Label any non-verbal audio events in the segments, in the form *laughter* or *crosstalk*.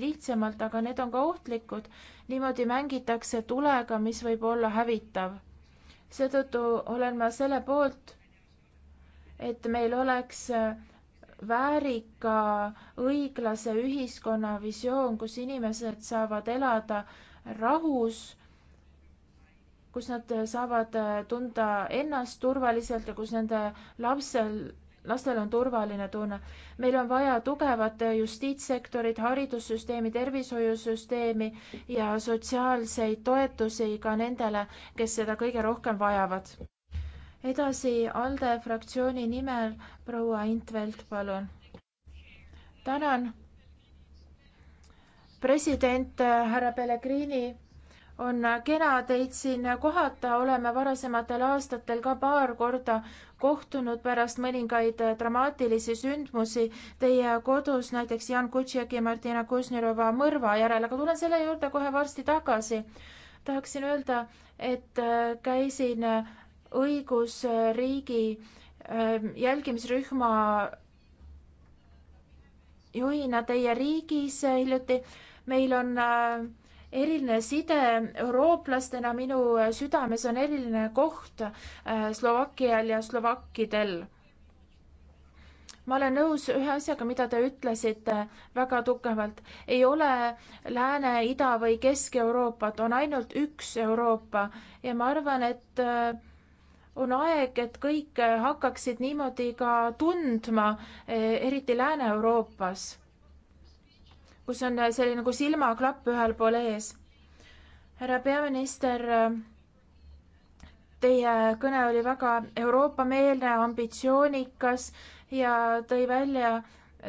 lihtsamalt, aga need on ka ohtlikud. niimoodi mängitakse tulega, mis võib olla hävitav. seetõttu olen ma selle poolt, et meil oleks äh, väärika õiglase ühiskonna visioon, kus inimesed saavad elada rahus, kus nad saavad äh, tunda ennast turvaliselt ja kus nende lapsel lastel on turvaline tunne. meil on vaja tugevat justiitssektorit, haridussüsteemi, tervishoiusüsteemi ja sotsiaalseid toetusi ka nendele, kes seda kõige rohkem vajavad. edasi ALDE fraktsiooni nimel proua Intvelt, palun. tänan. president härra Pellegrini on kena teid siin kohata, oleme varasematel aastatel ka paar korda kohtunud pärast mõningaid dramaatilisi sündmusi teie kodus, näiteks Jan Kutšeki ja Martina Kuznirova mõrva järel, aga tulen selle juurde kohe varsti tagasi. tahaksin öelda, et äh, käisin õigusriigi ähm, jälgimisrühma juhina teie riigis hiljuti. meil on äh, eriline side eurooplastena, minu südames on eriline koht äh, Slovakkial ja slovakkidel. ma olen nõus ühe asjaga, mida te ütlesite väga tugevalt. ei ole Lääne, Ida või Kesk-Euroopat, on ainult üks Euroopa ja ma arvan, et äh, on aeg, et kõik hakkaksid niimoodi ka tundma, e, eriti Lääne-Euroopas kus on äh, selline nagu silmaklapp ühel pool ees. härra peaminister, äh, teie kõne oli väga Euroopa-meelne, ambitsioonikas ja tõi välja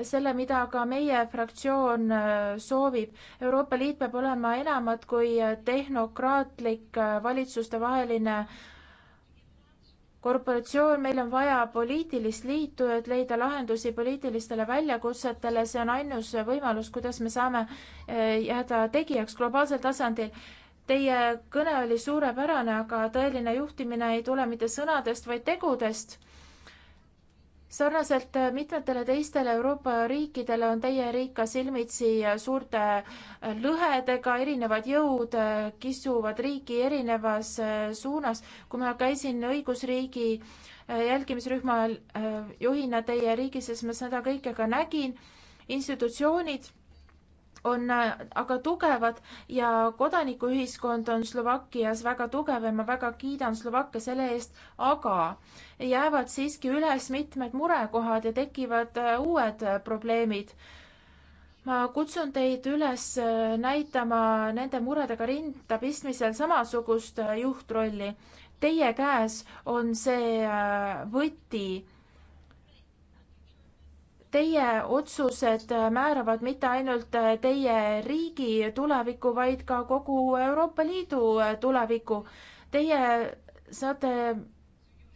selle, mida ka meie fraktsioon äh, soovib. Euroopa Liit peab olema enamat kui tehnokraatlik valitsustevaheline korporatsioon, meil on vaja poliitilist liitu, et leida lahendusi poliitilistele väljakutsetele, see on ainus võimalus, kuidas me saame eh, jääda tegijaks globaalsel tasandil. Teie kõne oli suurepärane, aga tõeline juhtimine ei tule mitte sõnadest, vaid tegudest sarnaselt äh, mitmetele teistele Euroopa riikidele on teie riik ka silmitsi äh, suurte äh, lõhedega, erinevad jõud kisuvad riiki erinevas suunas. kui ma käisin õigusriigi jälgimisrühma juhina teie riigis, siis ma seda kõike ka nägin. institutsioonid on äh, aga tugevad ja kodanikuühiskond on Slovakkias väga tugev ja ma väga kiidan Slovakkia selle eest, aga jäävad siiski üles mitmed murekohad ja tekivad äh, uued äh, probleemid. ma kutsun teid üles näitama nende muredega rinda pistmisel samasugust juhtrolli. Teie käes on see võti Teie otsused määravad mitte ainult teie riigi tuleviku, vaid ka kogu Euroopa Liidu tuleviku. Teie saate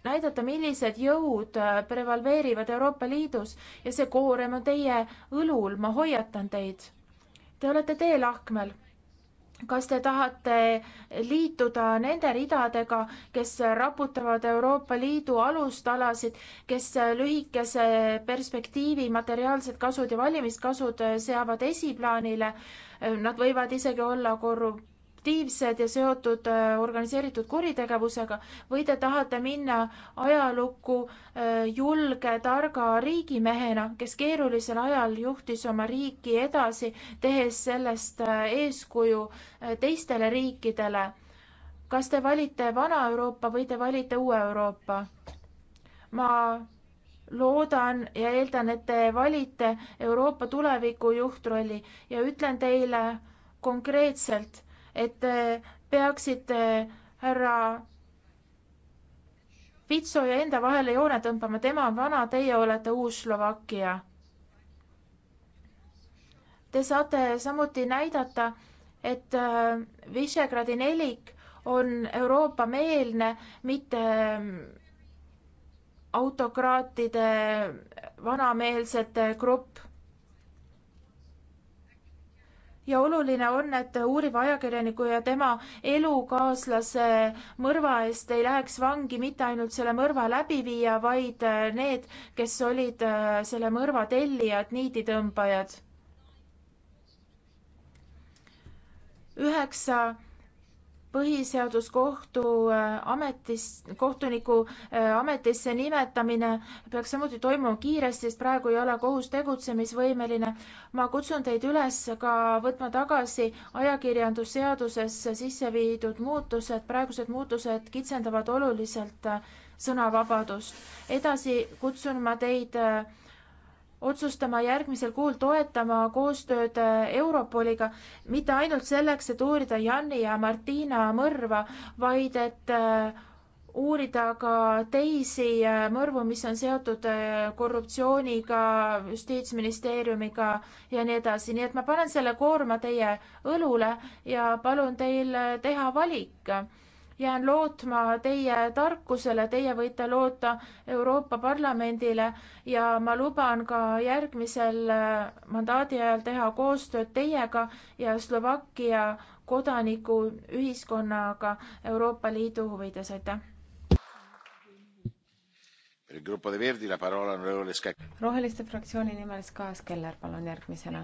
näidata, millised jõud prevaleerivad Euroopa Liidus ja see koorem on teie õlul, ma hoiatan teid. Te olete teelahkmel kas te tahate liituda nende ridadega, kes raputavad Euroopa Liidu alustalasid, kes lühikese perspektiivi materiaalsed kasud ja valimiskasud seavad esiplaanile? Nad võivad isegi olla korrup-, aktiivsed ja seotud äh, organiseeritud kuritegevusega või te tahate minna ajalukku äh, julge, targa riigimehena, kes keerulisel ajal juhtis oma riiki edasi, tehes sellest äh, eeskuju teistele riikidele. kas te valite vana Euroopa või te valite uue Euroopa? ma loodan ja eeldan, et te valite Euroopa tuleviku juhtrolli ja ütlen teile konkreetselt, et te peaksite härra Pitso ja enda vahele joone tõmbama, tema on vana, teie olete uus Slovakkia. Te saate samuti näidata, et äh, Visegradi nelik on Euroopa-meelne, mitte ähm, autokraatide vanameelsete grupp ja oluline on, et uuriva ajakirjaniku ja tema elukaaslase mõrva eest ei läheks vangi mitte ainult selle mõrva läbiviija, vaid äh, need, kes olid äh, selle mõrva tellijad, niiditõmbajad. üheksa põhiseaduskohtu äh, ametis, kohtuniku äh, ametisse nimetamine peaks samuti toimuma kiiresti, sest praegu ei ole kohus tegutsemisvõimeline. ma kutsun teid üles ka võtma tagasi ajakirjandusseadusesse sisse viidud muutused, praegused muutused kitsendavad oluliselt äh, sõnavabadust. edasi kutsun ma teid otsustama järgmisel kuul toetama koostööd Europoliga, mitte ainult selleks, et uurida Janni ja Martina mõrva, vaid et äh, uurida ka teisi äh, mõrvu, mis on seotud äh, korruptsiooniga, justiitsministeeriumiga ja nii edasi, nii et ma panen selle koorma teie õlule ja palun teil teha valik jään lootma teie tarkusele, teie võite loota Euroopa Parlamendile ja ma luban ka järgmisel äh, mandaadi ajal teha koostööd teiega ja Slovakkia kodanikuühiskonnaga Euroopa Liidu huvides, aitäh! roheliste fraktsiooni nimel Ska Keller, palun järgmisena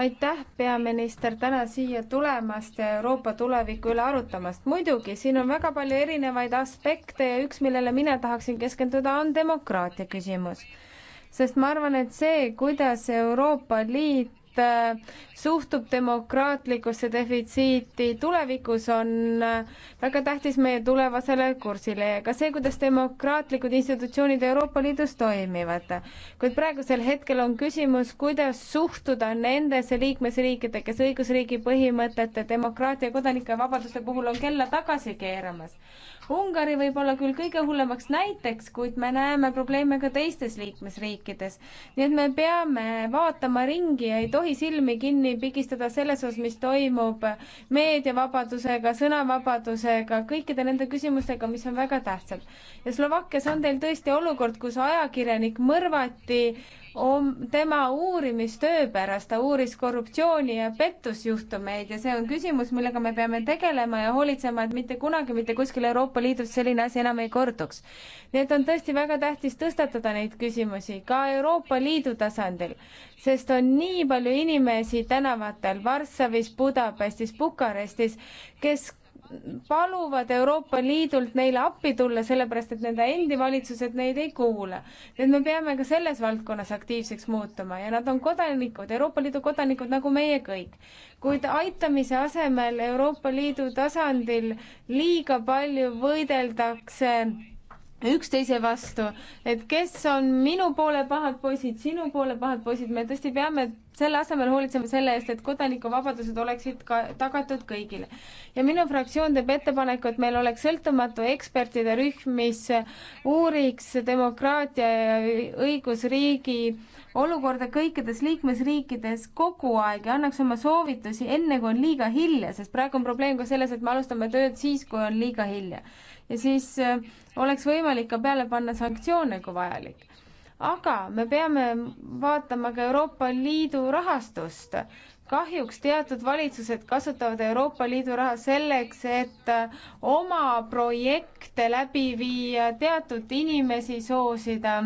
aitäh, peaminister, täna siia tulemast ja Euroopa tuleviku üle arutamast. muidugi, siin on väga palju erinevaid aspekte ja üks, millele mina tahaksin keskenduda, on demokraatia küsimus. sest ma arvan, et see, kuidas Euroopa Liit Äh, suhtub demokraatlikusse defitsiiti. tulevikus on äh, väga tähtis meie tulevasele kursile ja ka see, kuidas demokraatlikud institutsioonid Euroopa Liidus toimivad. kuid praegusel hetkel on küsimus, kuidas suhtuda nendesse liikmesriikide, kes õigusriigi põhimõtete, demokraatia, kodanike vabaduste puhul on kella tagasi keeramas Ungari võib olla küll kõige hullemaks näiteks, kuid me näeme probleeme ka teistes liikmesriikides. nii et me peame vaatama ringi ja ei tohi silmi kinni pigistada selles osas, mis toimub meediavabadusega, sõnavabadusega, kõikide nende küsimustega, mis on väga tähtsad. ja Slovakkias on teil tõesti olukord, kus ajakirjanik mõrvati om-, tema uurimistöö pärast, ta uuris korruptsiooni ja pettusjuhtumeid ja see on küsimus, millega me peame tegelema ja hoolitsema, et mitte kunagi mitte kuskil Euroopa Liidus selline asi enam ei korduks. nii et on tõesti väga tähtis tõstatada neid küsimusi ka Euroopa Liidu tasandil, sest on nii palju inimesi tänavatel Varssavis, Budapestis, Bukarestis, kes paluvad Euroopa Liidult neile appi tulla, sellepärast et nende endi valitsused neid ei kuula. et me peame ka selles valdkonnas aktiivseks muutuma ja nad on kodanikud, Euroopa Liidu kodanikud nagu meie kõik. kuid aitamise asemel Euroopa Liidu tasandil liiga palju võideldakse üksteise vastu, et kes on minu poole pahad poisid, sinu poole pahad poisid, me tõesti peame selle asemel hoolitseme selle eest, et kodanikuvabadused oleksid ka tagatud kõigile. ja minu fraktsioon teeb ettepaneku, et meil oleks sõltumatu ekspertide rühm, mis uuriks demokraatia ja õigusriigi olukorda kõikides liikmesriikides kogu aeg ja annaks oma soovitusi enne, kui on liiga hilja, sest praegu on probleem ka selles, et me alustame tööd siis, kui on liiga hilja. ja siis äh, oleks võimalik ka peale panna sanktsioone, kui vajalik aga me peame vaatama ka Euroopa Liidu rahastust. kahjuks teatud valitsused kasutavad Euroopa Liidu raha selleks, et oma projekte läbi viia, teatud inimesi soosida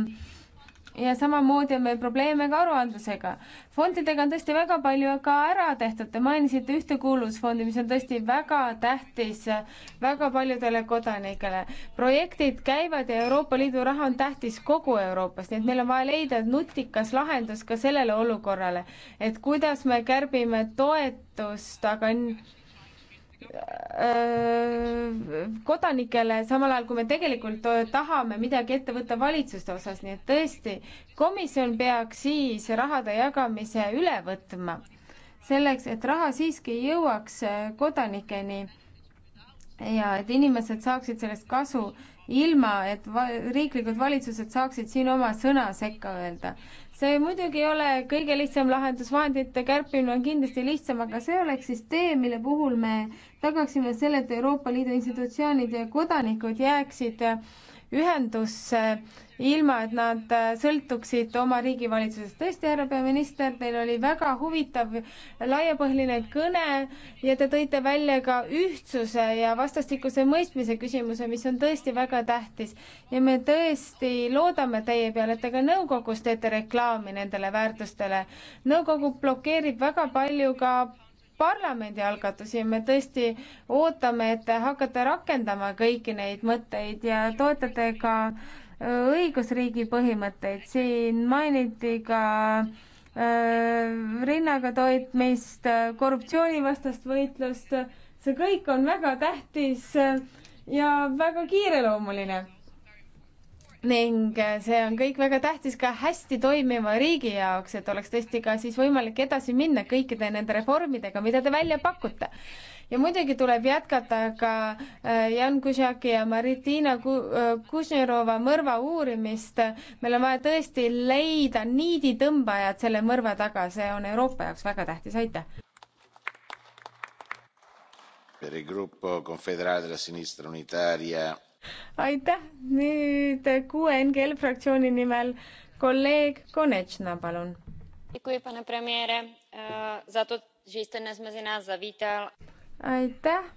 ja samamoodi on meil probleeme ka aruandlusega. fondidega on tõesti väga palju ka ära tehtud, te mainisite Ühtekuuluvusfondi, mis on tõesti väga tähtis äh, väga paljudele kodanikele. projektid käivad ja Euroopa Liidu raha on tähtis kogu Euroopas, nii et meil on vaja leida nutikas lahendus ka sellele olukorrale, et kuidas me kärbime toetust, aga Äh, kodanikele, samal ajal kui me tegelikult tahame midagi ette võtta valitsuste osas, nii et tõesti, komisjon peaks siis rahade jagamise üle võtma, selleks et raha siiski jõuaks kodanikeni ja et inimesed saaksid sellest kasu ilma et va riiklikud valitsused saaksid siin oma sõna sekka öelda. see muidugi ei ole kõige lihtsam lahendus, vahendite kärpimine on kindlasti lihtsam, aga see oleks siis tee, mille puhul me tagaksime selle, et Euroopa Liidu institutsioonid ja kodanikud jääksid äh, ühendusse, ilma et nad äh, sõltuksid oma riigivalitsusest. tõesti, härra peaminister, teil oli väga huvitav laiapõhjaline kõne ja te tõite välja ka ühtsuse ja vastastikuse mõistmise küsimuse, mis on tõesti väga tähtis. ja me tõesti loodame teie peale, et te ka nõukogus teete reklaami nendele väärtustele. nõukogu blokeerib väga palju ka parlamendi algatusi, me tõesti ootame, et te hakkate rakendama kõiki neid mõtteid ja toetate ka äh, õigusriigi põhimõtteid, siin mainiti ka äh, rinnaga toitmist, korruptsioonivastast võitlust, see kõik on väga tähtis ja väga kiireloomuline ning äh, see on kõik väga tähtis ka hästi toimiva riigi jaoks, et oleks tõesti ka siis võimalik edasi minna kõikide nende reformidega, mida te välja pakute. ja muidugi tuleb jätkata ka äh, Jan Kušaki ja Maritina Kušnerova äh, mõrva uurimist. meil on vaja tõesti leida niiditõmbajad selle mõrva taga, see on Euroopa jaoks väga tähtis, aitäh. Per il gruppo confederale della sinistra unitaria aitäh, nüüd kuue NGL fraktsiooni nimel kolleeg Konechna, palun. Eh, aitäh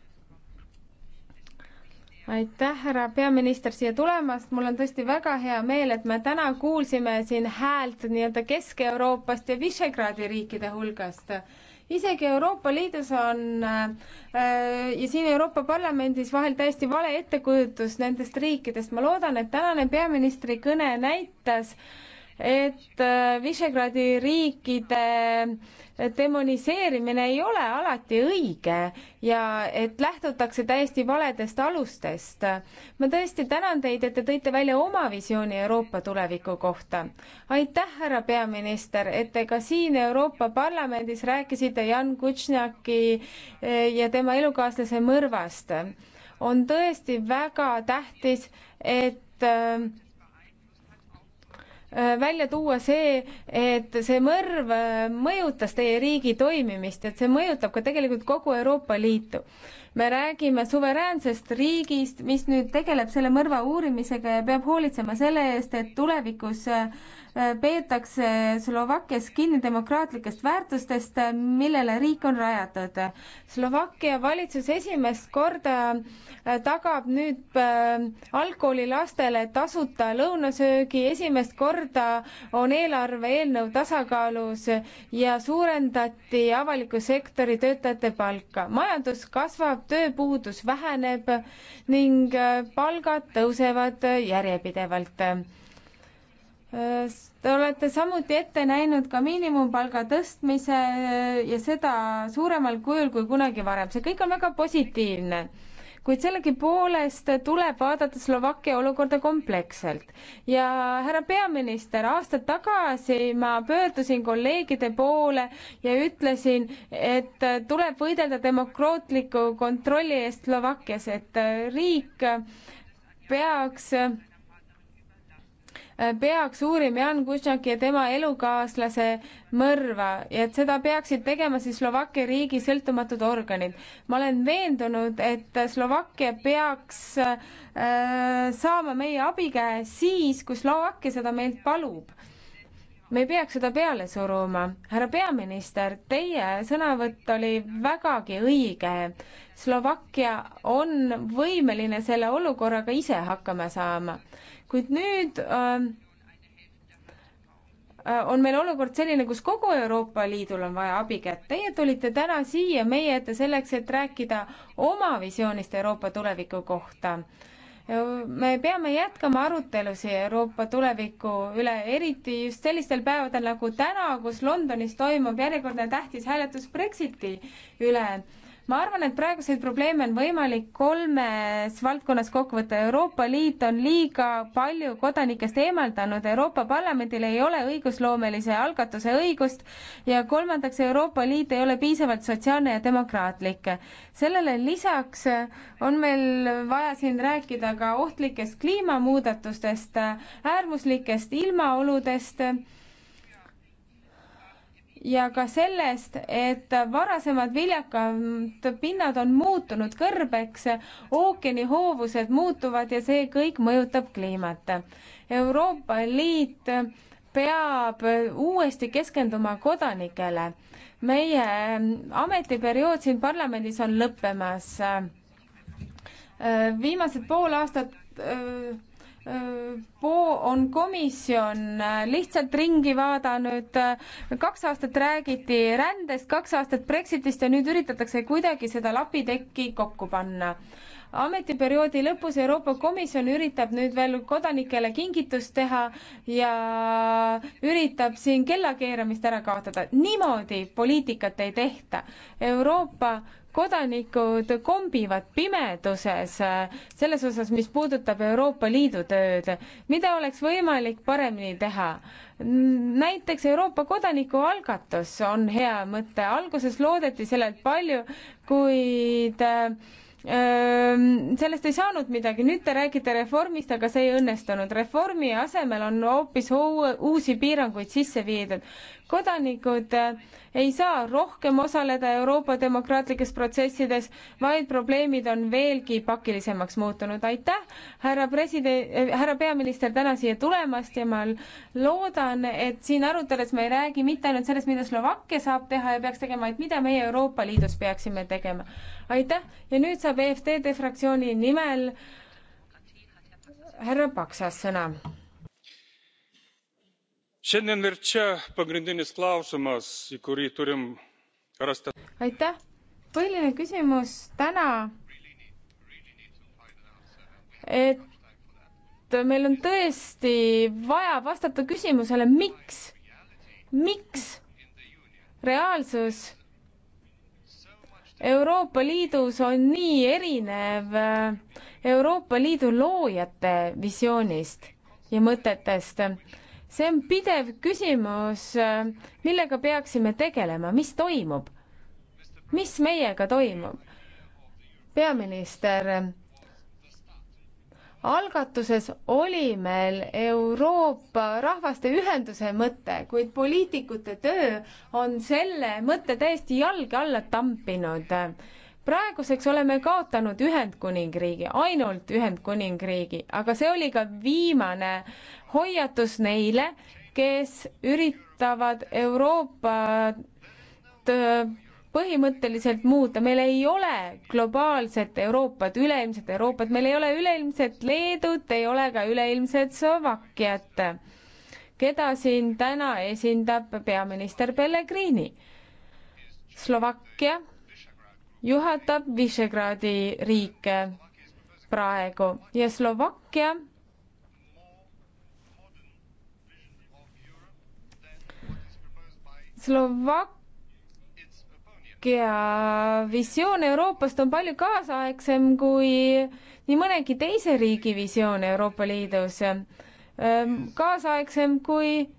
aitäh, härra peaminister, siia tulemast. mul on tõesti väga hea meel, et me täna kuulsime siin häält nii-öelda Kesk-Euroopast ja Visegradi riikide hulgast isegi Euroopa Liidus on äh, ja siin Euroopa Parlamendis vahel täiesti vale ettekujutus nendest riikidest. ma loodan, et tänane peaministri kõne näitas, et äh, Visegradi riikide demoniseerimine ei ole alati õige ja et lähtutakse täiesti valedest alustest. ma tõesti tänan teid, et te tõite välja oma visiooni Euroopa tuleviku kohta. aitäh, härra peaminister, et te ka siin Euroopa Parlamendis rääkisite Jan Kutšnjaki äh, ja tema elukaaslase mõrvast. on tõesti väga tähtis, et äh, Äh, välja tuua see, et see mõrv äh, mõjutas teie riigi toimimist, et see mõjutab ka tegelikult kogu Euroopa Liitu. me räägime suveräänsest riigist, mis nüüd tegeleb selle mõrva uurimisega ja peab hoolitsema selle eest, et tulevikus äh, Äh, peetakse Slovakkias kinni demokraatlikest väärtustest, millele riik on rajatud. Slovakkia valitsus esimest korda äh, tagab nüüd äh, algkoolilastele tasuta lõunasöögi, esimest korda on eelarve eelnõu tasakaalus ja suurendati avaliku sektori töötajate palka. majandus kasvab, tööpuudus väheneb ning palgad tõusevad järjepidevalt Te olete samuti ette näinud ka miinimumpalga tõstmise ja seda suuremal kujul kui kunagi varem. see kõik on väga positiivne, kuid sellegipoolest tuleb vaadata Slovakkia olukorda kompleksselt. ja härra peaminister, aasta tagasi ma pöördusin kolleegide poole ja ütlesin, et tuleb võidelda demokraatliku kontrolli eest Slovakkias, et riik peaks Äh, peaks uurima Jan Kutšaki ja tema elukaaslase mõrva ja et seda peaksid tegema siis Slovakkia riigi sõltumatud organid. ma olen veendunud, et Slovakkia peaks äh, saama meie abikäe siis, kui Slovakkia seda meilt palub me ei peaks seda peale suruma. härra peaminister, teie sõnavõtt oli vägagi õige. Slovakkia on võimeline selle olukorraga ise hakkama saama kuid nüüd ähm, äh, on meil olukord selline, kus kogu Euroopa Liidul on vaja abikätt. Teie tulite täna siia meie ette selleks, et rääkida oma visioonist Euroopa tuleviku kohta. me peame jätkama arutelusi Euroopa tuleviku üle, eriti just sellistel päevadel nagu täna, kus Londonis toimub järjekordne tähtis hääletus Brexiti üle ma arvan, et praeguseid probleeme on võimalik kolmes valdkonnas kokku võtta. Euroopa Liit on liiga palju kodanikest eemaldanud, Euroopa Parlamendil ei ole õigusloomelise algatuse õigust ja kolmandaks, Euroopa Liit ei ole piisavalt sotsiaalne ja demokraatlik. sellele lisaks on meil vaja siin rääkida ka ohtlikest kliimamuudatustest, äärmuslikest ilmaoludest ja ka sellest, et varasemad viljakad pinnad on muutunud kõrbeks, ookeanihoovused muutuvad ja see kõik mõjutab kliimat. Euroopa Liit peab uuesti keskenduma kodanikele. meie ametiperiood siin parlamendis on lõppemas. viimased pool aastat Poo on komisjon lihtsalt ringi vaadanud, kaks aastat räägiti rändest, kaks aastat Brexitist ja nüüd üritatakse kuidagi seda lapitekki kokku panna. ametiperioodi lõpus Euroopa Komisjon üritab nüüd veel kodanikele kingitust teha ja üritab siin kellakeeramist ära kaotada. niimoodi poliitikat ei tehta. Euroopa kodanikud kombivad pimeduses äh, selles osas, mis puudutab Euroopa Liidu tööd, mida oleks võimalik paremini teha. näiteks Euroopa kodanikualgatus on hea mõte, alguses loodeti sellelt palju, kuid äh, sellest ei saanud midagi, nüüd te räägite reformist, aga see ei õnnestunud. reformi asemel on hoopis uusi piiranguid sisse viidud. kodanikud äh, ei saa rohkem osaleda Euroopa demokraatlikes protsessides, vaid probleemid on veelgi pakilisemaks muutunud. aitäh, härra president, äh, härra peaminister, täna siia tulemast ja ma loodan, et siin aruteles me ei räägi mitte ainult sellest, mida Slovakkia saab teha ja peaks tegema, vaid mida meie Euroopa Liidus peaksime tegema aitäh ja nüüd saab EFTD fraktsiooni nimel härra Paksas sõna. šiandien ir čia pagrindinis klausimas, į kurį turim rasti. aitäh, põhiline küsimus täna, et meil on tõesti vaja vastata küsimusele, miks, miks reaalsus Euroopa Liidus on nii erinev äh, Euroopa Liidu loojate visioonist ja mõtetest. see on pidev küsimus, äh, millega peaksime tegelema, mis toimub, mis meiega toimub. peaminister, algatuses oli meil Euroopa Rahvaste Ühenduse mõte, kuid poliitikute töö on selle mõtte täiesti jalge alla tampinud. praeguseks oleme kaotanud Ühendkuningriigi, ainult Ühendkuningriigi, aga see oli ka viimane hoiatus neile, kes üritavad Euroopat põhimõtteliselt muuta, meil ei ole globaalset Euroopat, üleilmset Euroopat, meil ei ole üleilmset Leedut, ei ole ka üleilmset Slovakkiat, keda siin täna esindab peaminister Pellegrini. Slovakkia juhatab Visegradi riike praegu ja Slovakkia Slovak-, Belgia visioon Euroopast on palju kaasaegsem kui nii mõnegi teise riigi visioon Euroopa Liidus. Ehm, kaasaegsem kui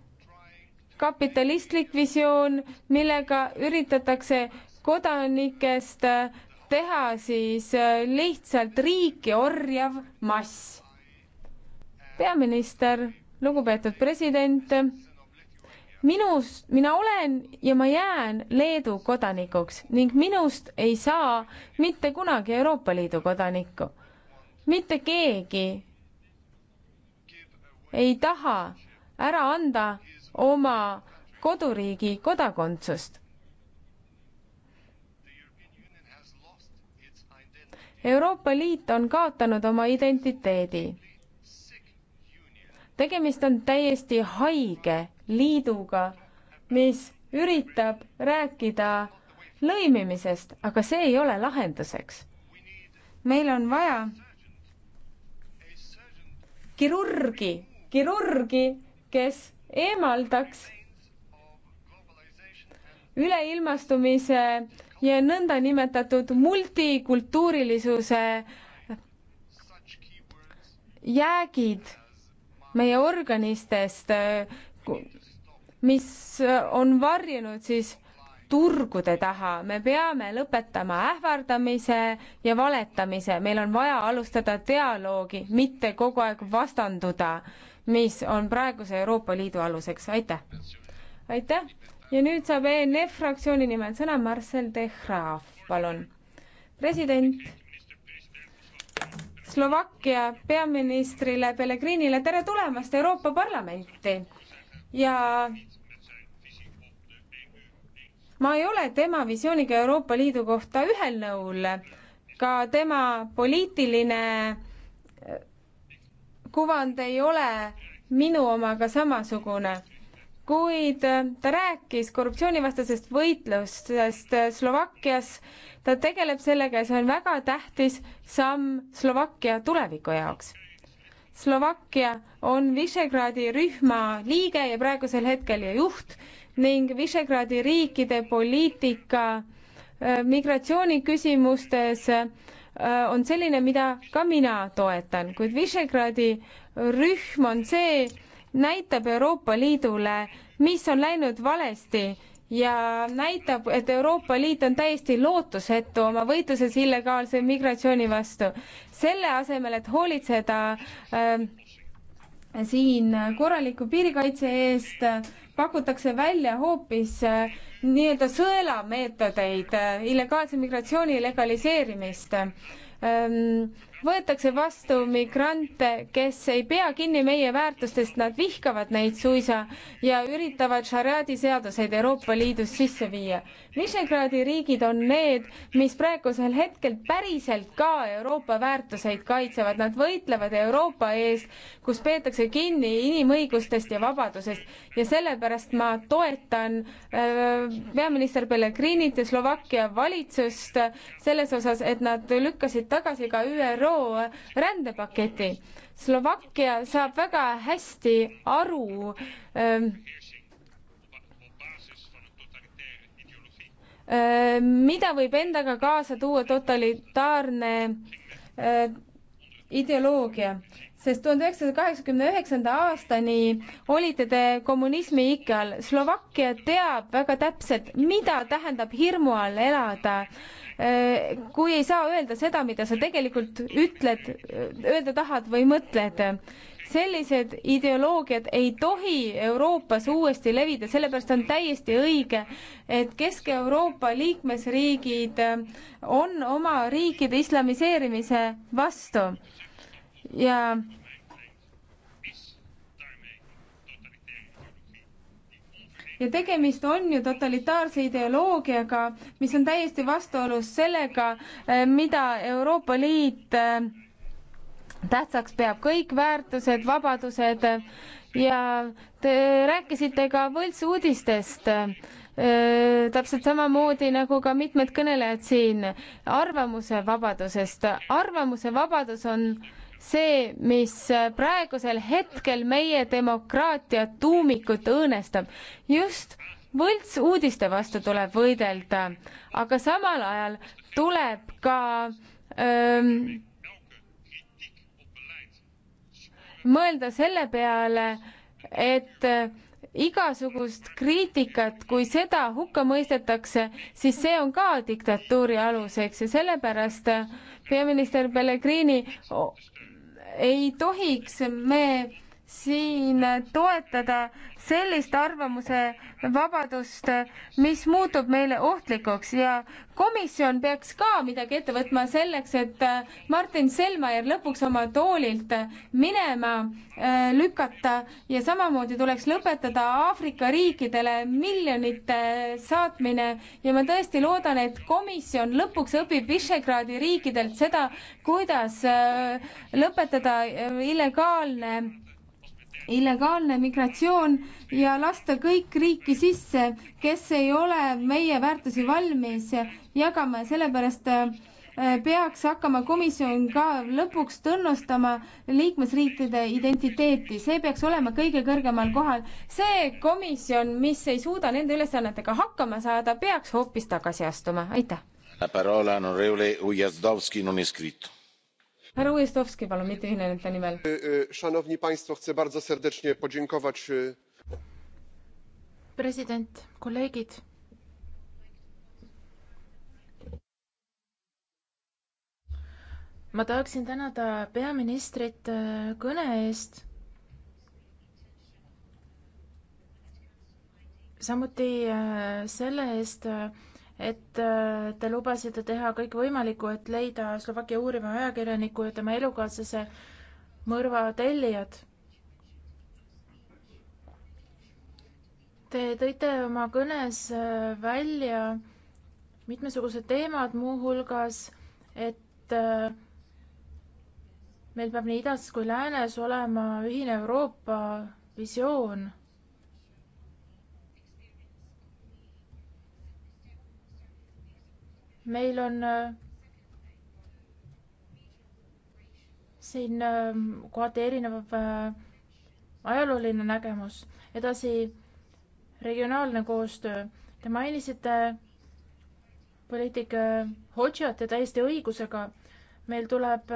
kapitalistlik visioon, millega üritatakse kodanikest teha siis eh, lihtsalt riiki orjav mass. peaminister, lugupeetud president minust, mina olen ja ma jään Leedu kodanikuks ning minust ei saa mitte kunagi Euroopa Liidu kodanikku. mitte keegi ei taha ära anda oma koduriigi kodakondsust. Euroopa Liit on kaotanud oma identiteedi. tegemist on täiesti haige liiduga, mis üritab rääkida lõimimisest, aga see ei ole lahenduseks. meil on vaja kirurgi, kirurgi, kes eemaldaks üleilmastumise ja nõndanimetatud multikultuurilisuse jäägid meie organistest, mis on varjunud siis turgude taha, me peame lõpetama ähvardamise ja valetamise, meil on vaja alustada dialoogi, mitte kogu aeg vastanduda, mis on praeguse Euroopa Liidu aluseks, aitäh. aitäh ja nüüd saab ENF fraktsiooni nimel sõna Marcel Tehrav, palun. president. Slovakkia peaministrile Pellegrinile tere tulemast Euroopa Parlamenti ja ma ei ole tema visiooniga Euroopa Liidu kohta ühel nõul. ka tema poliitiline eh, kuvand ei ole minu omaga samasugune, kuid eh, ta rääkis korruptsioonivastasest võitlusest eh, Slovakkias. ta tegeleb sellega ja see on väga tähtis samm Slovakkia tuleviku jaoks Slovakkia on Visegradi rühma liige ja praegusel hetkel ja juht ning Visegradi riikide poliitika äh, migratsiooniküsimustes äh, on selline, mida ka mina toetan, kuid Visegradi rühm on see, näitab Euroopa Liidule, mis on läinud valesti ja näitab, et Euroopa Liit on täiesti lootusetu oma võitluses illegaalse migratsiooni vastu. selle asemel, et hoolitseda äh, siin korraliku piirikaitse eest, pakutakse välja hoopis äh, nii-öelda sõelameetodeid, äh, illegaalse migratsiooni legaliseerimist ehm, võetakse vastu migrante, kes ei pea kinni meie väärtustest, nad vihkavad neid suisa ja üritavad šariaadi seaduseid Euroopa Liidus sisse viia. Visegradi riigid on need, mis praegusel hetkel päriselt ka Euroopa väärtuseid kaitsevad, nad võitlevad Euroopa eest, kus peetakse kinni inimõigustest ja vabadusest ja sellepärast ma toetan äh, peaminister Pellegrinit ja Slovakkia valitsust selles osas, et nad lükkasid tagasi ka ÜRO ÜRO rändepaketi. Slovakkia saab väga hästi aru ähm, äh, mida võib endaga kaasa tuua totalitaarne äh, ideoloogia, sest tuhande üheksasaja kaheksakümne üheksanda aastani olite te kommunismi ikke all. Slovakkia teab väga täpselt, mida tähendab hirmu all elada kui ei saa öelda seda, mida sa tegelikult ütled, öelda tahad või mõtled sellised ideoloogiad ei tohi Euroopas uuesti levida, sellepärast on täiesti õige, et Kesk-Euroopa liikmesriigid on oma riikide islamiseerimise vastu ja ja tegemist on ju totalitaarse ideoloogiaga, mis on täiesti vastuolus sellega, eh, mida Euroopa Liit eh, tähtsaks peab, kõik väärtused, vabadused eh, ja te rääkisite ka võltsuudistest täpselt samamoodi nagu ka mitmed kõnelejad siin arvamuse vabadusest. arvamuse vabadus on see, mis praegusel hetkel meie demokraatia tuumikut õõnestab. just võltsuudiste vastu tuleb võidelda, aga samal ajal tuleb ka öö, mõelda selle peale, et igasugust kriitikat, kui seda hukka mõistetakse, siis see on ka diktatuuri aluseks ja sellepärast peaminister Pellegrini ei tohiks me siin toetada sellist arvamuse vabadust, mis muutub meile ohtlikuks ja komisjon peaks ka midagi ette võtma selleks, et äh, Martin Selmajärv lõpuks oma toolilt minema äh, lükata ja samamoodi tuleks lõpetada Aafrika riikidele miljonite äh, saatmine ja ma tõesti loodan, et komisjon lõpuks õpib Visegradi riikidelt seda, kuidas lõpetada illegaalne illegaalne migratsioon ja lasta kõik riiki sisse, kes ei ole meie väärtusi valmis jagama ja sellepärast äh, peaks hakkama komisjon ka lõpuks tunnustama liikmesriikide identiteeti, see peaks olema kõige kõrgemal kohal. see komisjon, mis ei suuda nende ülesannetega hakkama saada, peaks hoopis tagasi astuma, aitäh härra Ujestovski, palun, mitteühinenute nimel. president, kolleegid. ma tahaksin tänada peaministrit e, kõne eest samuti e, selle eest e, et äh, te lubasite teha kõik võimalikku, et leida Slovakkia uuriva ajakirjaniku ja tema elukaaslase mõrva tellijad. Te tõite oma kõnes äh, välja mitmesugused teemad, muuhulgas, et äh, meil peab nii idas kui läänes olema ühine Euroopa visioon meil on äh, siin äh, kohati erinev äh, ajalooline nägemus. edasi regionaalne koostöö. Te mainisite poliitik Hodžat ja täiesti õigusega. meil tuleb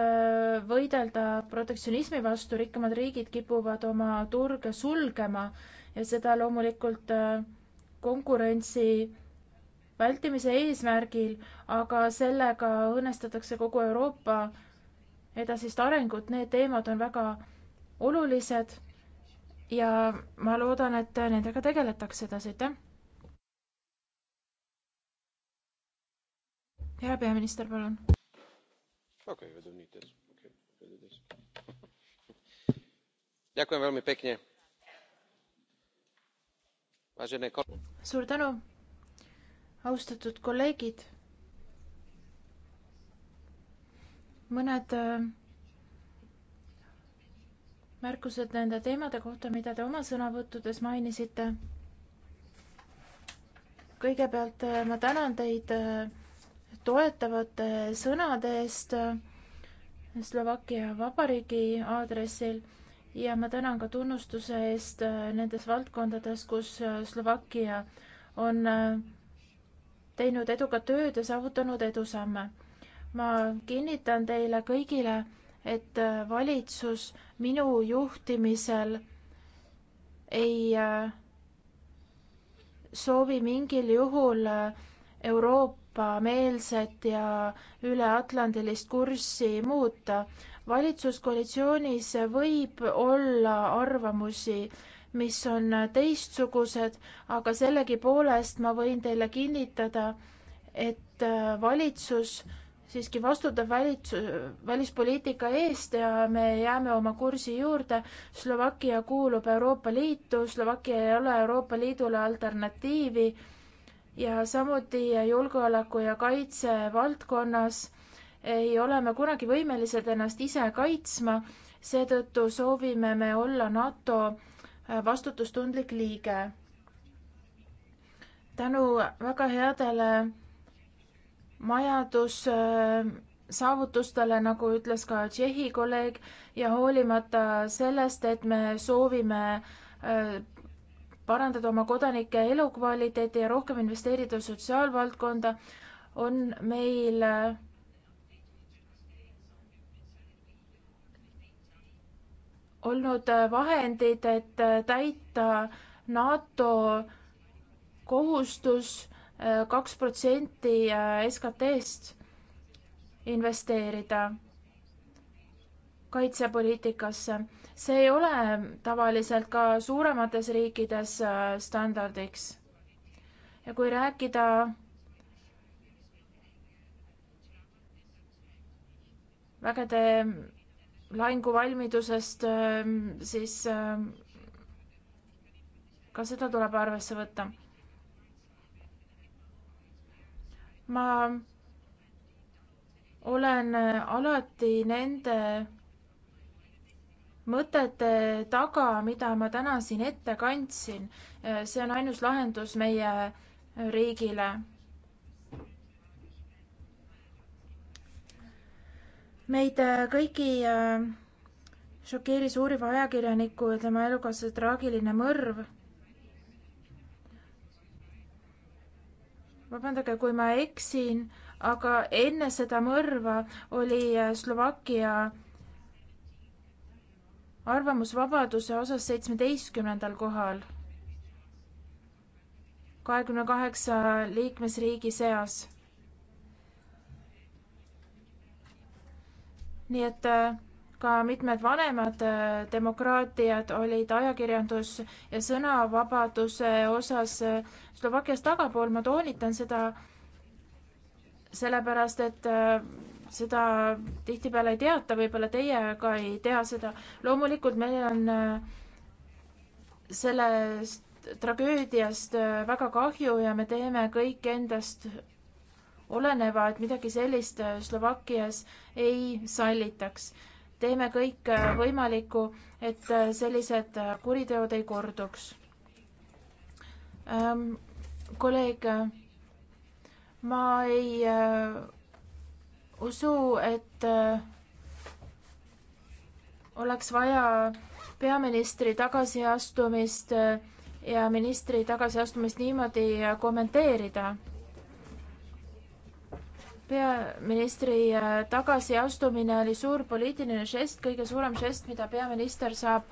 võidelda protektsionismi vastu, rikkamad riigid kipuvad oma turge sulgema ja seda loomulikult konkurentsi vältimise eesmärgil, aga sellega õõnestatakse kogu Euroopa edasist arengut, need teemad on väga olulised ja ma loodan, et nendega tegeletakse edasi, aitäh. hea peaminister, palun. okei okay,, we don't need this, okei okay,, we do this. Ďakujem veľmi pekne. Vážené kol- suur tänu austatud kolleegid. mõned äh, märkused nende teemade kohta, mida te oma sõnavõttudes mainisite. kõigepealt äh, ma tänan teid äh, toetavate sõnade eest Slovakkia Vabariigi aadressil ja ma tänan ka tunnustuse eest nendes valdkondades, kus Slovakkia on teinud edukat tööd ja saavutanud edusamme. ma kinnitan teile kõigile, et äh, valitsus minu juhtimisel ei äh, soovi mingil juhul äh, Euroopa-meelset ja üleatlandilist kurssi muuta. valitsuskoalitsioonis võib olla arvamusi, mis on teistsugused, aga sellegipoolest ma võin teile kinnitada, et äh, valitsus siiski vastutab valitsus, välispoliitika eest ja me jääme oma kursi juurde. Slovakkia kuulub Euroopa Liitu, Slovakkia ei ole Euroopa Liidule alternatiivi ja samuti julgeoleku ja kaitse valdkonnas ei ole me kunagi võimelised ennast ise kaitsma. seetõttu soovime me olla NATO vastutustundlik liige. tänu väga headele majandussaavutustele, äh, nagu ütles ka Tšehhi kolleeg, ja hoolimata sellest, et me soovime äh, parandada oma kodanike elukvaliteeti ja rohkem investeerida sotsiaalvaldkonda, on meil äh, olnud vahendid, et täita NATO kohustus äh, kaks protsenti äh, SKT-st investeerida kaitsepoliitikasse. see ei ole tavaliselt ka suuremates riikides äh, standardiks. ja kui rääkida vägede lahinguvalmidusest, ähm, siis ähm, ka seda tuleb arvesse võtta. ma olen äh, alati nende mõtete taga, mida ma täna siin ette kandsin. Äh, see on ainus lahendus meie riigile meid äh, kõiki äh, šokeeris uuriva ajakirjaniku ja tema elukaaslase traagiline mõrv. vabandage, kui ma eksin, aga enne seda mõrva oli äh, Slovakkia arvamusvabaduse osas seitsmeteistkümnendal kohal kahekümne kaheksa liikmesriigi seas nii et äh, ka mitmed vanemad äh, demokraatiad olid ajakirjandus ja sõnavabaduse osas äh, Slovakkias tagapool, ma toonitan seda sellepärast, et seda tihtipeale ei teata, võib-olla teie ka ei tea seda. loomulikult meil on sellest tragöödiast väga kahju ja me teeme kõik endast oleneva, et midagi sellist äh, Slovakkias ei sallitaks. teeme kõik äh, võimalikku, et äh, sellised kuriteod ei korduks ähm,. kolleeg, ma ei äh, usu, et äh, oleks vaja peaministri tagasiastumist äh, ja ministri tagasiastumist niimoodi kommenteerida peaministri äh, tagasiastumine oli suur poliitiline žest, kõige suurem žest, mida peaminister saab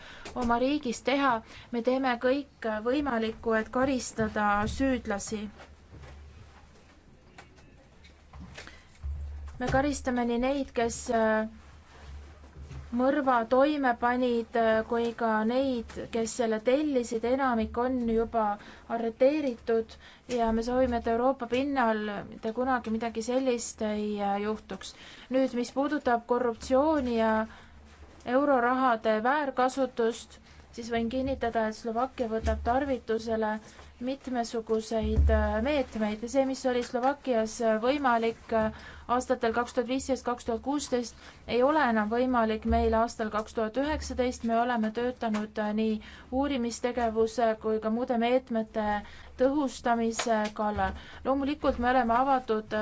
oma riigis teha. me teeme kõik äh, võimalikku, et karistada süüdlasi. me karistame nii neid, kes äh, mõrva toime panid äh, kui ka neid, kes selle tellisid, enamik on juba arreteeritud ja me soovime, et Euroopa pinnal mitte kunagi midagi sellist ei äh, juhtuks. nüüd, mis puudutab korruptsiooni ja eurorahade väärkasutust, siis võin kinnitada, et Slovakkia võtab tarvitusele mitmesuguseid äh, meetmeid ja see, mis oli Slovakkias äh, võimalik äh, aastatel kaks tuhat viisteist, kaks tuhat kuusteist, ei ole enam võimalik meil aastal kaks tuhat üheksateist, me oleme töötanud nii uurimistegevuse kui ka muude meetmete tõhustamise kallal. loomulikult me oleme avatud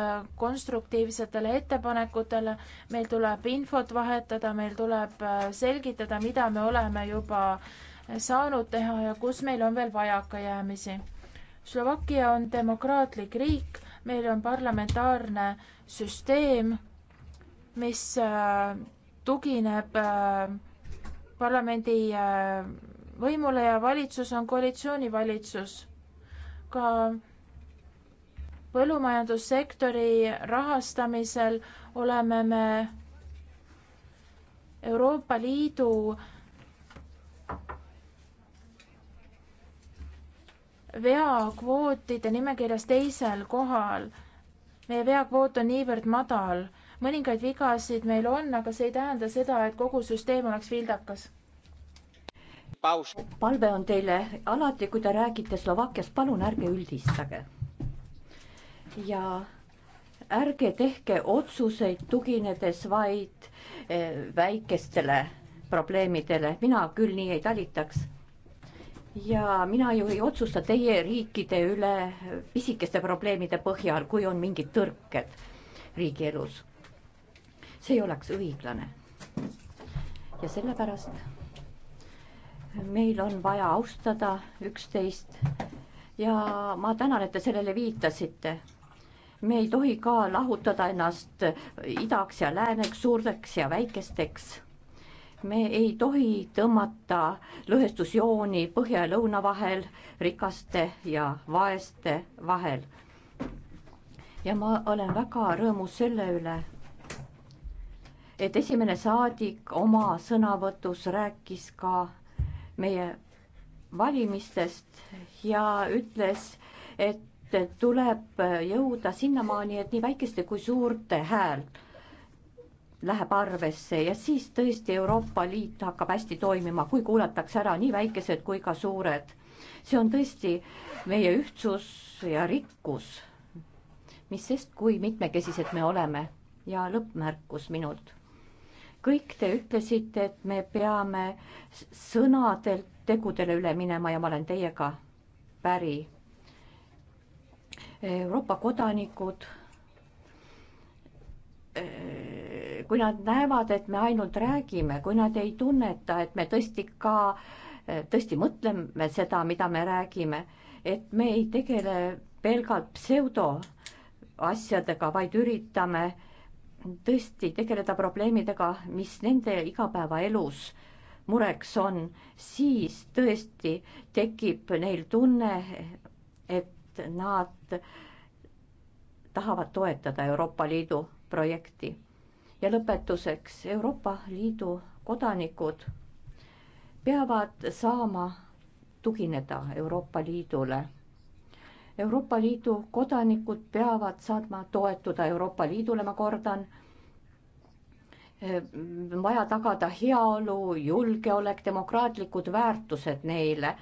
konstruktiivsetele ettepanekutele, meil tuleb infot vahetada, meil tuleb selgitada, mida me oleme juba äh, saanud teha ja kus meil on veel vajakajäämisi. Slovakkia on demokraatlik riik, meil on parlamentaarne süsteem, mis äh, tugineb äh, parlamendi äh, võimule ja valitsus on koalitsioonivalitsus. ka põllumajandussektori rahastamisel oleme me Euroopa Liidu veakvootide nimekirjas teisel kohal. meie veakvoot on niivõrd madal, mõningaid vigasid meil on, aga see ei tähenda seda, et kogu süsteem oleks vildakas. palve on teile alati, kui te räägite Slovakkiast, palun ärge üldistage. ja ärge tehke otsuseid tuginedes vaid eh, väikestele probleemidele, mina küll nii ei talitaks ja mina ju ei otsusta teie riikide üle pisikeste probleemide põhjal, kui on mingid tõrked riigielus. see ei oleks õiglane. ja sellepärast meil on vaja austada üksteist ja ma tänan, et te sellele viitasite. me ei tohi ka lahutada ennast idaks ja lääneks, suurteks ja väikesteks me ei tohi tõmmata lõhestusjooni põhja ja lõuna vahel, rikaste ja vaeste vahel. ja ma olen väga rõõmus selle üle, et esimene saadik oma sõnavõtus rääkis ka meie valimistest ja ütles, et tuleb jõuda sinnamaani, et nii väikeste kui suurte häält läheb arvesse ja siis tõesti Euroopa Liit hakkab hästi toimima, kui kuulatakse ära nii väikesed kui ka suured. see on tõesti meie ühtsus ja rikkus, mis sest, kui mitmekesised me oleme ja lõppmärkus minult. kõik te ütlesite, et me peame sõnadelt tegudele üle minema ja ma olen teiega päri. Euroopa kodanikud kui nad näevad, et me ainult räägime, kui nad ei tunneta, et me tõesti ka, tõesti mõtleme seda, mida me räägime, et me ei tegele pelgalt pseudo asjadega, vaid üritame tõesti tegeleda probleemidega, mis nende igapäevaelus mureks on, siis tõesti tekib neil tunne, et nad tahavad toetada Euroopa Liidu projekti ja lõpetuseks, Euroopa Liidu kodanikud peavad saama tugineda Euroopa Liidule. Euroopa Liidu kodanikud peavad saama toetuda Euroopa Liidule, ma kordan eh, vaja tagada heaolu, julgeolek, demokraatlikud väärtused neile.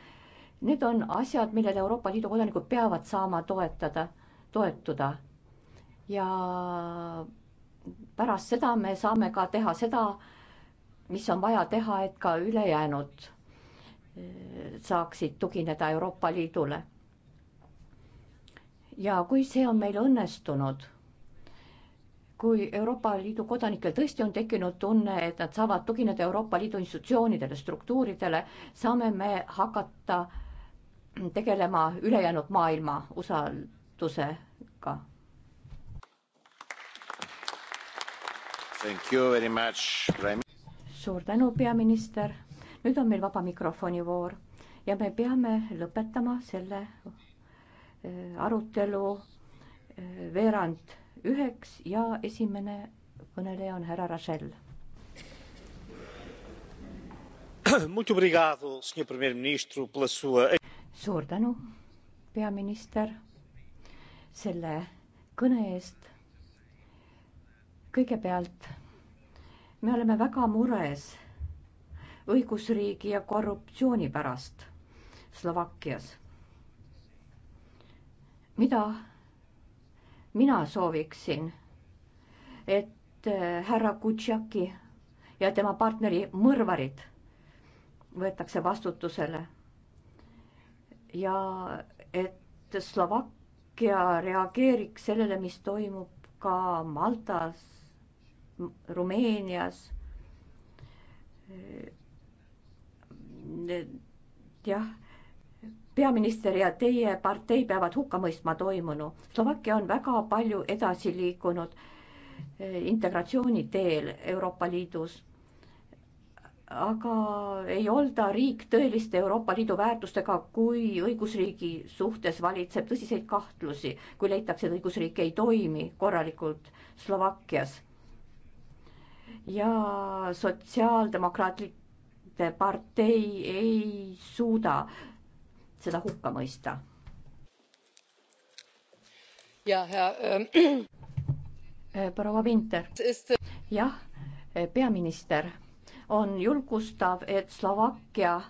Need on asjad, millele Euroopa Liidu kodanikud peavad saama toetada, toetuda. ja pärast seda me saame ka teha seda, mis on vaja teha, et ka ülejäänud eh, saaksid tugineda Euroopa Liidule. ja kui see on meil õnnestunud, kui Euroopa Liidu kodanikel tõesti on tekkinud tunne, et nad saavad tugineda Euroopa Liidu institutsioonidele, struktuuridele, saame me hakata tegelema ülejäänud maailma usalduse suur tänu, peaminister. nüüd on meil vaba mikrofoni voor ja me peame lõpetama selle eh, arutelu eh, veerand üheks ja esimene kõneleja on härra Rachel. *clears throat* suur tänu, peaminister, selle kõne eest kõigepealt me oleme väga mures õigusriigi ja korruptsiooni pärast Slovakkias. mida mina sooviksin, et äh, härra Kutšaki ja tema partneri mõrvarid võetakse vastutusele. ja et Slovakkia reageeriks sellele, mis toimub ka Maltas Rumeenias. jah, peaminister ja teie partei peavad hukka mõistma toimunu. Slovakkia on väga palju edasi liikunud eh, integratsiooni teel Euroopa Liidus. aga ei olda riik tõeliste Euroopa Liidu väärtustega, kui õigusriigi suhtes valitseb tõsiseid kahtlusi, kui leitakse, et õigusriik ei toimi korralikult Slovakkias ja Sotsiaaldemokraatide partei ei suuda seda hukka mõista. Ähm, äh, proua Vinter. Äh, jah, äh, peaminister, on julgustav, et Slovakkia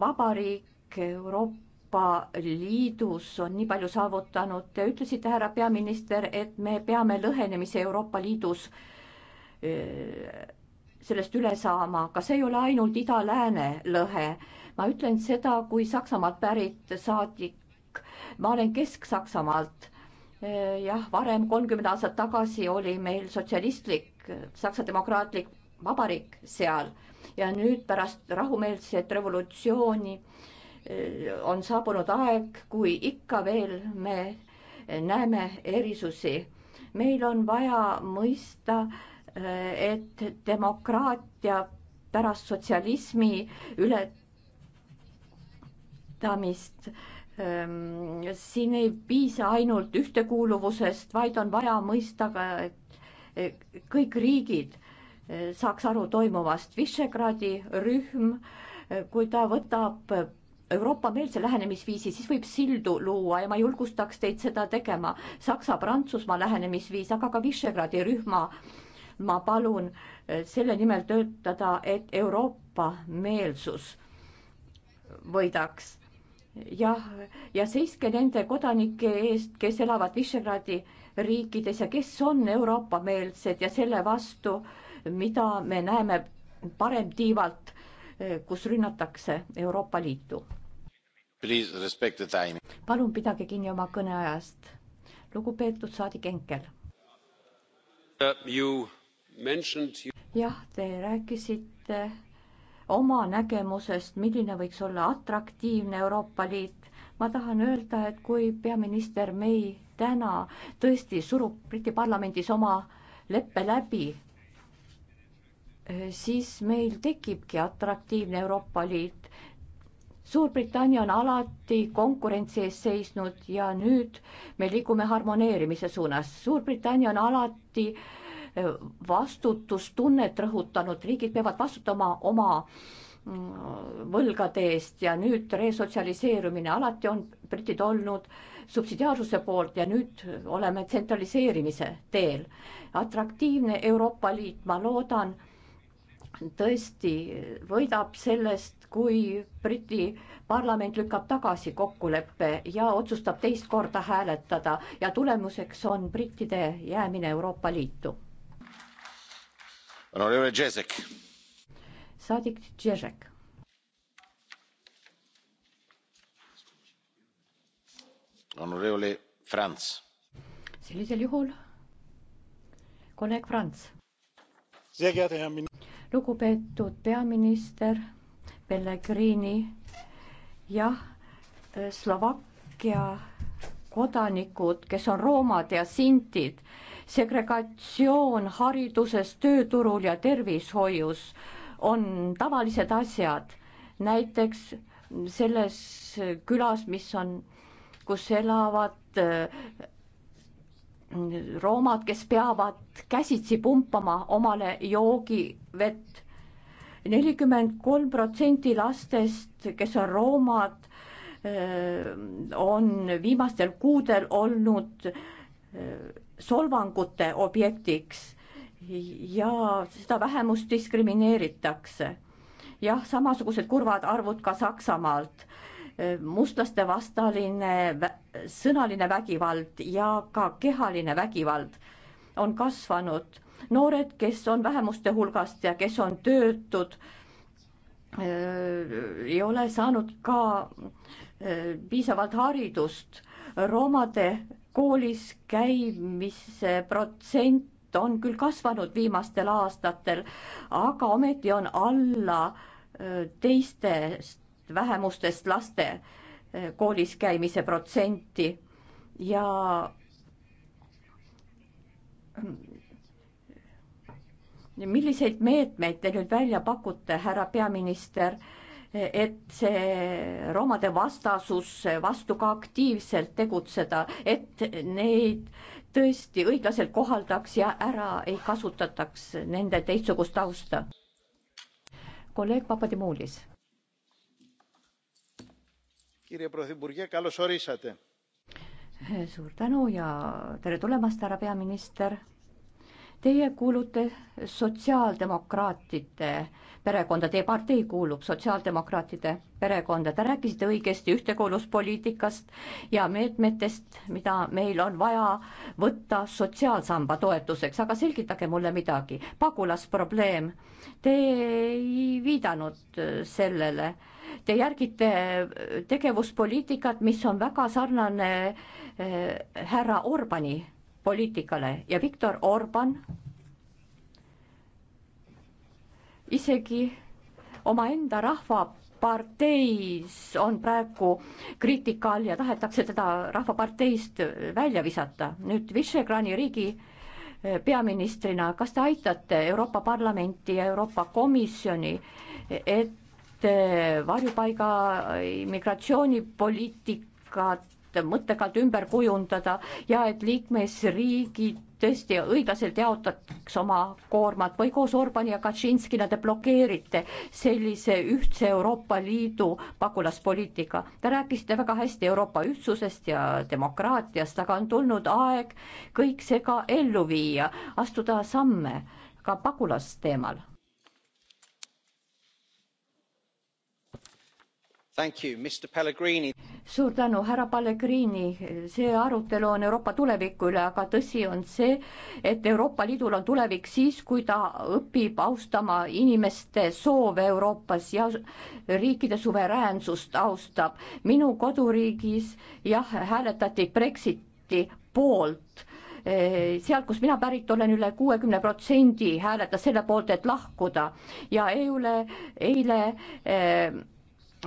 vabariik Euroopa Euroopa Liidus on nii palju saavutanud. Te ütlesite, härra peaminister, et me peame lõhenemise Euroopa Liidus äh, sellest üle saama, aga see ei ole ainult ida-lääne lõhe. ma ütlen seda kui Saksamaalt pärit saadik. ma olen Kesk-Saksamaalt. jah, varem kolmkümmend aastat tagasi oli meil sotsialistlik Saksa Demokraatlik Vabariik seal ja nüüd pärast rahumeelset revolutsiooni on saabunud aeg, kui ikka veel me näeme erisusi. meil on vaja mõista äh, et demokraatia pärast sotsialismi ületamist ähm, siin ei piisa ainult ühtekuuluvusest, vaid on vaja mõista ka, et kõik riigid äh, saaks aru toimuvast. Visegradi rühm, äh, kui ta võtab Euroopa-meelse lähenemisviisi, siis võib sildu luua ja ma julgustaks teid seda tegema. Saksa-Prantsusmaa lähenemisviis, aga ka Visegradi rühma äh, ma palun äh, selle nimel töötada, et Euroopa meelsus võidaks. jah, ja seiske nende kodanike eest, kes elavad Visegradi riikides ja kes on Euroopa-meelsed ja selle vastu, mida me näeme paremtiivalt, äh, kus rünnatakse Euroopa Liitu. palun pidage kinni oma kõneajast. lugupeetud saadik Henkel. You jah, te rääkisite oma nägemusest, milline võiks olla atraktiivne Euroopa Liit. ma tahan öelda, et kui peaminister May täna tõesti surub Briti parlamendis oma leppe läbi, siis meil tekibki atraktiivne Euroopa Liit. Suurbritannia on alati konkurentsi ees seisnud ja nüüd me liigume harmoneerimise suunas. Suurbritannia on alati äh, Eh, vastutustunnet rõhutanud, riigid peavad vastutama oma mm, võlgade eest ja nüüd resotsialiseerumine, alati on britid olnud subsidiaarsuse poolt ja nüüd oleme tsentraliseerimise teel. atraktiivne Euroopa Liit, ma loodan, tõesti võidab sellest, kui Briti parlament lükkab tagasi kokkuleppe ja otsustab teist korda hääletada ja tulemuseks on brittide jäämine Euroopa Liitu saadik Ježek. sellisel juhul kolleeg Franz. lugupeetud peaminister Pellegrini, jah, eh, Slovakkia kodanikud, kes on roomad ja sintid segregatsioon hariduses, tööturul ja tervishoius on tavalised asjad. näiteks selles külas, mis on, kus elavad äh, roomad, kes peavad käsitsi pumpama omale joogivett. nelikümmend kolm protsenti lastest, kes on roomad, äh, on viimastel kuudel olnud äh, solvangute objektiks ja seda vähemust diskrimineeritakse. jah, samasugused kurvad arvud ka Saksamaalt, mustlaste vastaline sõnaline vägivald ja ka kehaline vägivald on kasvanud. noored, kes on vähemuste hulgast ja kes on töötud, äh, ei ole saanud ka äh, piisavalt haridust. Roomade koolis käimise protsent on küll kasvanud viimastel aastatel, aga ometi on alla teistest vähemustest laste koolis käimise protsenti ja milliseid meetmeid te nüüd välja pakute, härra peaminister et see romade vastasus vastu ka aktiivselt tegutseda, et neid tõesti õiglaselt kohaldaks ja ära ei kasutataks nende teistsugust tausta. kolleeg Papadimoulis. suur tänu ja tere tulemast, härra peaminister. Teie kuulute sotsiaaldemokraatide äh, perekonda, teie partei kuulub sotsiaaldemokraatide perekonda, te rääkisite õigesti ühtekuuluvuspoliitikast ja meetmetest, mida meil on vaja võtta sotsiaalsamba toetuseks, aga selgitage mulle midagi, pagulasprobleem, te ei viidanud sellele te järgite tegevuspoliitikat, mis on väga sarnane eh, härra Orbani poliitikale ja Viktor Orban isegi omaenda rahvaparteis on praegu kriitika all ja tahetakse teda rahvaparteist välja visata. nüüd Visegrani riigi eh, peaministrina, kas te aitate Euroopa Parlamenti ja Euroopa Komisjoni, et eh, varjupaiga immigratsioonipoliitikat mõttekalt ümber kujundada ja et liikmesriigid tõesti õiglaselt jaotaks oma koormat või koos Orbani ja Kaczynskina te blokeerite sellise ühtse Euroopa Liidu pagulaspoliitika. Te rääkisite väga hästi Euroopa ühtsusest ja demokraatiast, aga on tulnud aeg kõik see ka ellu viia, astuda samme ka pagulasteemal suur tänu, härra Pellegrini, see arutelu on Euroopa tuleviku üle, aga tõsi on see, et Euroopa Liidul on tulevik siis, kui ta õpib austama inimeste soove Euroopas ja riikide suveräänsust austab. minu koduriigis jah, hääletati Brexiti poolt sealt, kus mina pärit olen üle, üle kuuekümne protsendi hääletas selle poolt, et lahkuda ja eile, eile eh,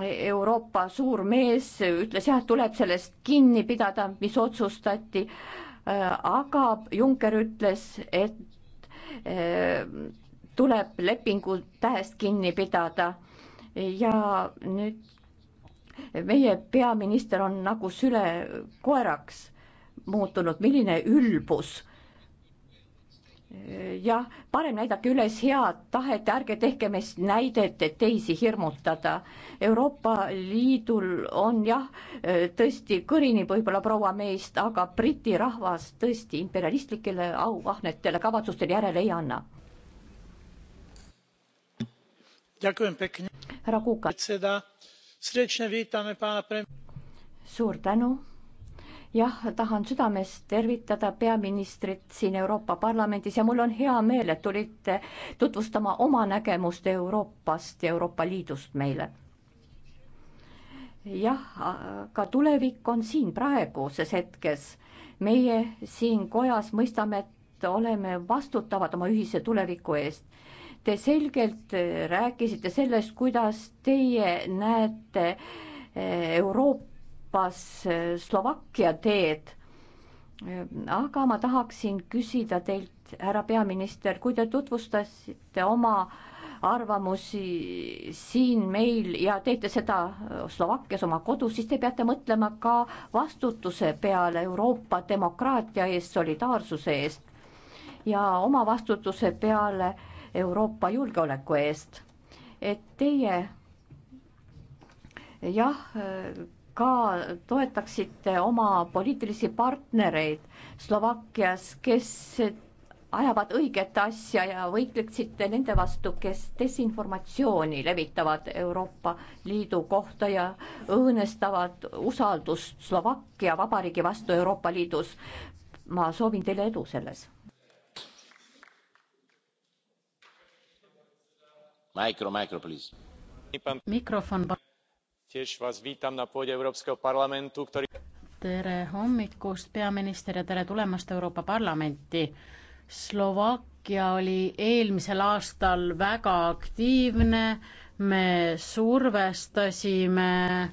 Euroopa suur mees ütles jah, tuleb sellest kinni pidada, mis otsustati, aga Juncker ütles, et eh, tuleb lepingu tähest kinni pidada ja nüüd meie peaminister on nagu süle koeraks muutunud, milline ülbus jah, parem näidake üles head tahet, ärge tehke meist näidet, et teisi hirmutada. Euroopa Liidul on jah, tõesti kõrinib võib-olla proua meist, aga Briti rahvas tõesti imperialistlikele auahnetele kavatsustele järele ei anna. härra Kuka. suur tänu jah, tahan südamest tervitada peaministrit siin Euroopa Parlamendis ja mul on hea meel, et tulite tutvustama oma nägemust Euroopast ja Euroopa Liidust meile. jah, aga tulevik on siin praeguses hetkes. meie siin kojas mõistame, et oleme vastutavad oma ühise tuleviku eest te selgelt rääkisite sellest, kuidas teie näete eh, Euroopa Euroopas eh, Slovakkia teed. aga ma tahaksin küsida teilt, härra peaminister, kui te tutvustasite oma arvamusi siin meil ja teete seda Slovakkias oma kodus, siis te peate mõtlema ka vastutuse peale Euroopa demokraatia eest, solidaarsuse eest ja oma vastutuse peale Euroopa julgeoleku eest. et teie jah, ka toetaksite oma poliitilisi partnereid Slovakkias, kes ajavad õiget asja ja võitleksite nende vastu, kes desinformatsiooni levitavad Euroopa Liidu kohta ja õõnestavad usaldust Slovakkia Vabariigi vastu Euroopa Liidus. ma soovin teile edu selles. mikrofon tiež vás vítam na pôde Európskeho parlamentu, ktorý... Tere hommikust, peaminister, ja tere tulemast Euroopa Parlamenti. Slovakkia oli eelmisel aastal väga aktiivne, me survestasime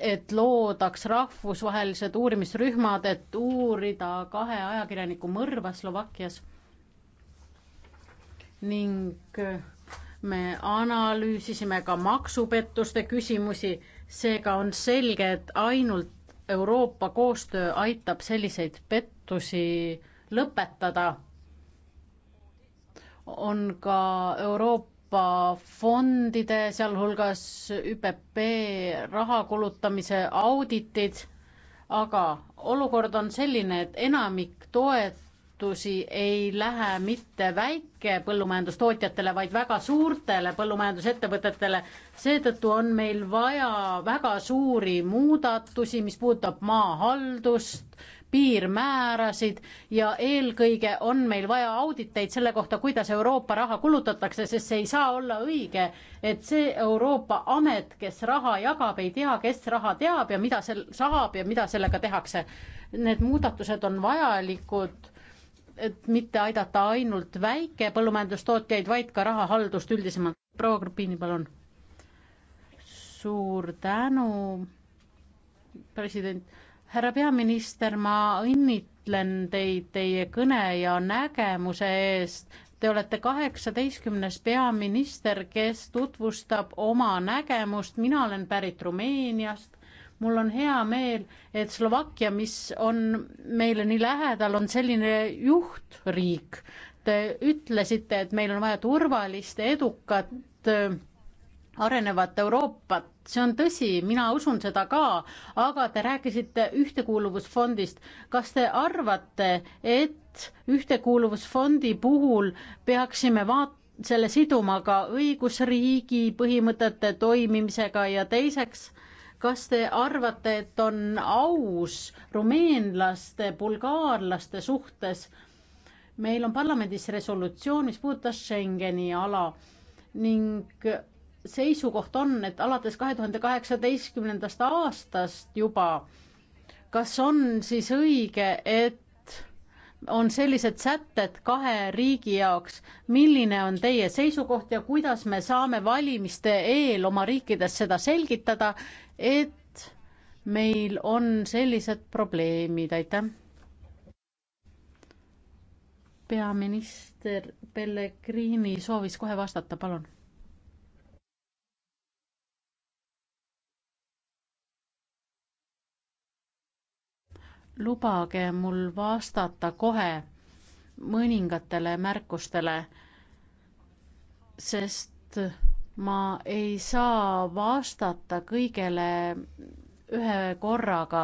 et loodaks rahvusvahelised uurimisrühmad, et uurida kahe ajakirjaniku mõrva Slovakkias ning me analüüsisime ka maksupettuste küsimusi, seega on selge, et ainult Euroopa koostöö aitab selliseid pettusi lõpetada. on ka Euroopa fondide, sealhulgas ÜPP raha kulutamise auditid, aga olukord on selline, et enamik toet-, toetusi ei lähe mitte väikepõllumajandustootjatele, vaid väga suurtele põllumajandusettevõtetele. seetõttu on meil vaja väga suuri muudatusi, mis puudutab maahaldust, piirmäärasid ja eelkõige on meil vaja auditeid selle kohta, kuidas Euroopa raha kulutatakse, sest see ei saa olla õige, et see Euroopa amet, kes raha jagab, ei tea, kes raha teab ja mida seal saab ja mida sellega tehakse. Need muudatused on vajalikud et mitte aidata ainult väikepõllumajandustootjaid, vaid ka rahahaldust üldisemalt. proua Gruppini, palun. suur tänu, president. härra peaminister, ma õnnitlen teid teie kõne ja nägemuse eest. Te olete kaheksateistkümnes peaminister, kes tutvustab oma nägemust. mina olen pärit Rumeeniast mul on hea meel, et Slovakkia, mis on meile nii lähedal, on selline juhtriik. Te ütlesite, et meil on vaja turvalist, edukat, arenevat Euroopat, see on tõsi, mina usun seda ka, aga te rääkisite Ühtekuuluvusfondist. kas te arvate, et Ühtekuuluvusfondi puhul peaksime vaatama, selle siduma ka õigusriigi põhimõtete toimimisega ja teiseks äh, kas te arvate, et on aus rumeenlaste, bulgaarlaste suhtes? meil on parlamendis resolutsioon, mis puudutas Schengeni ala ning seisukoht on, et alates kahe tuhande kaheksateistkümnendast aastast juba, kas on siis õige, et on sellised sätted kahe riigi jaoks. milline on teie seisukoht ja kuidas me saame valimiste eel oma riikides seda selgitada, et meil on sellised probleemid, aitäh. peaminister Pellegrini soovis kohe vastata, palun lubage mul vastata kohe mõningatele märkustele, sest ma ei saa vastata kõigele ühe korraga.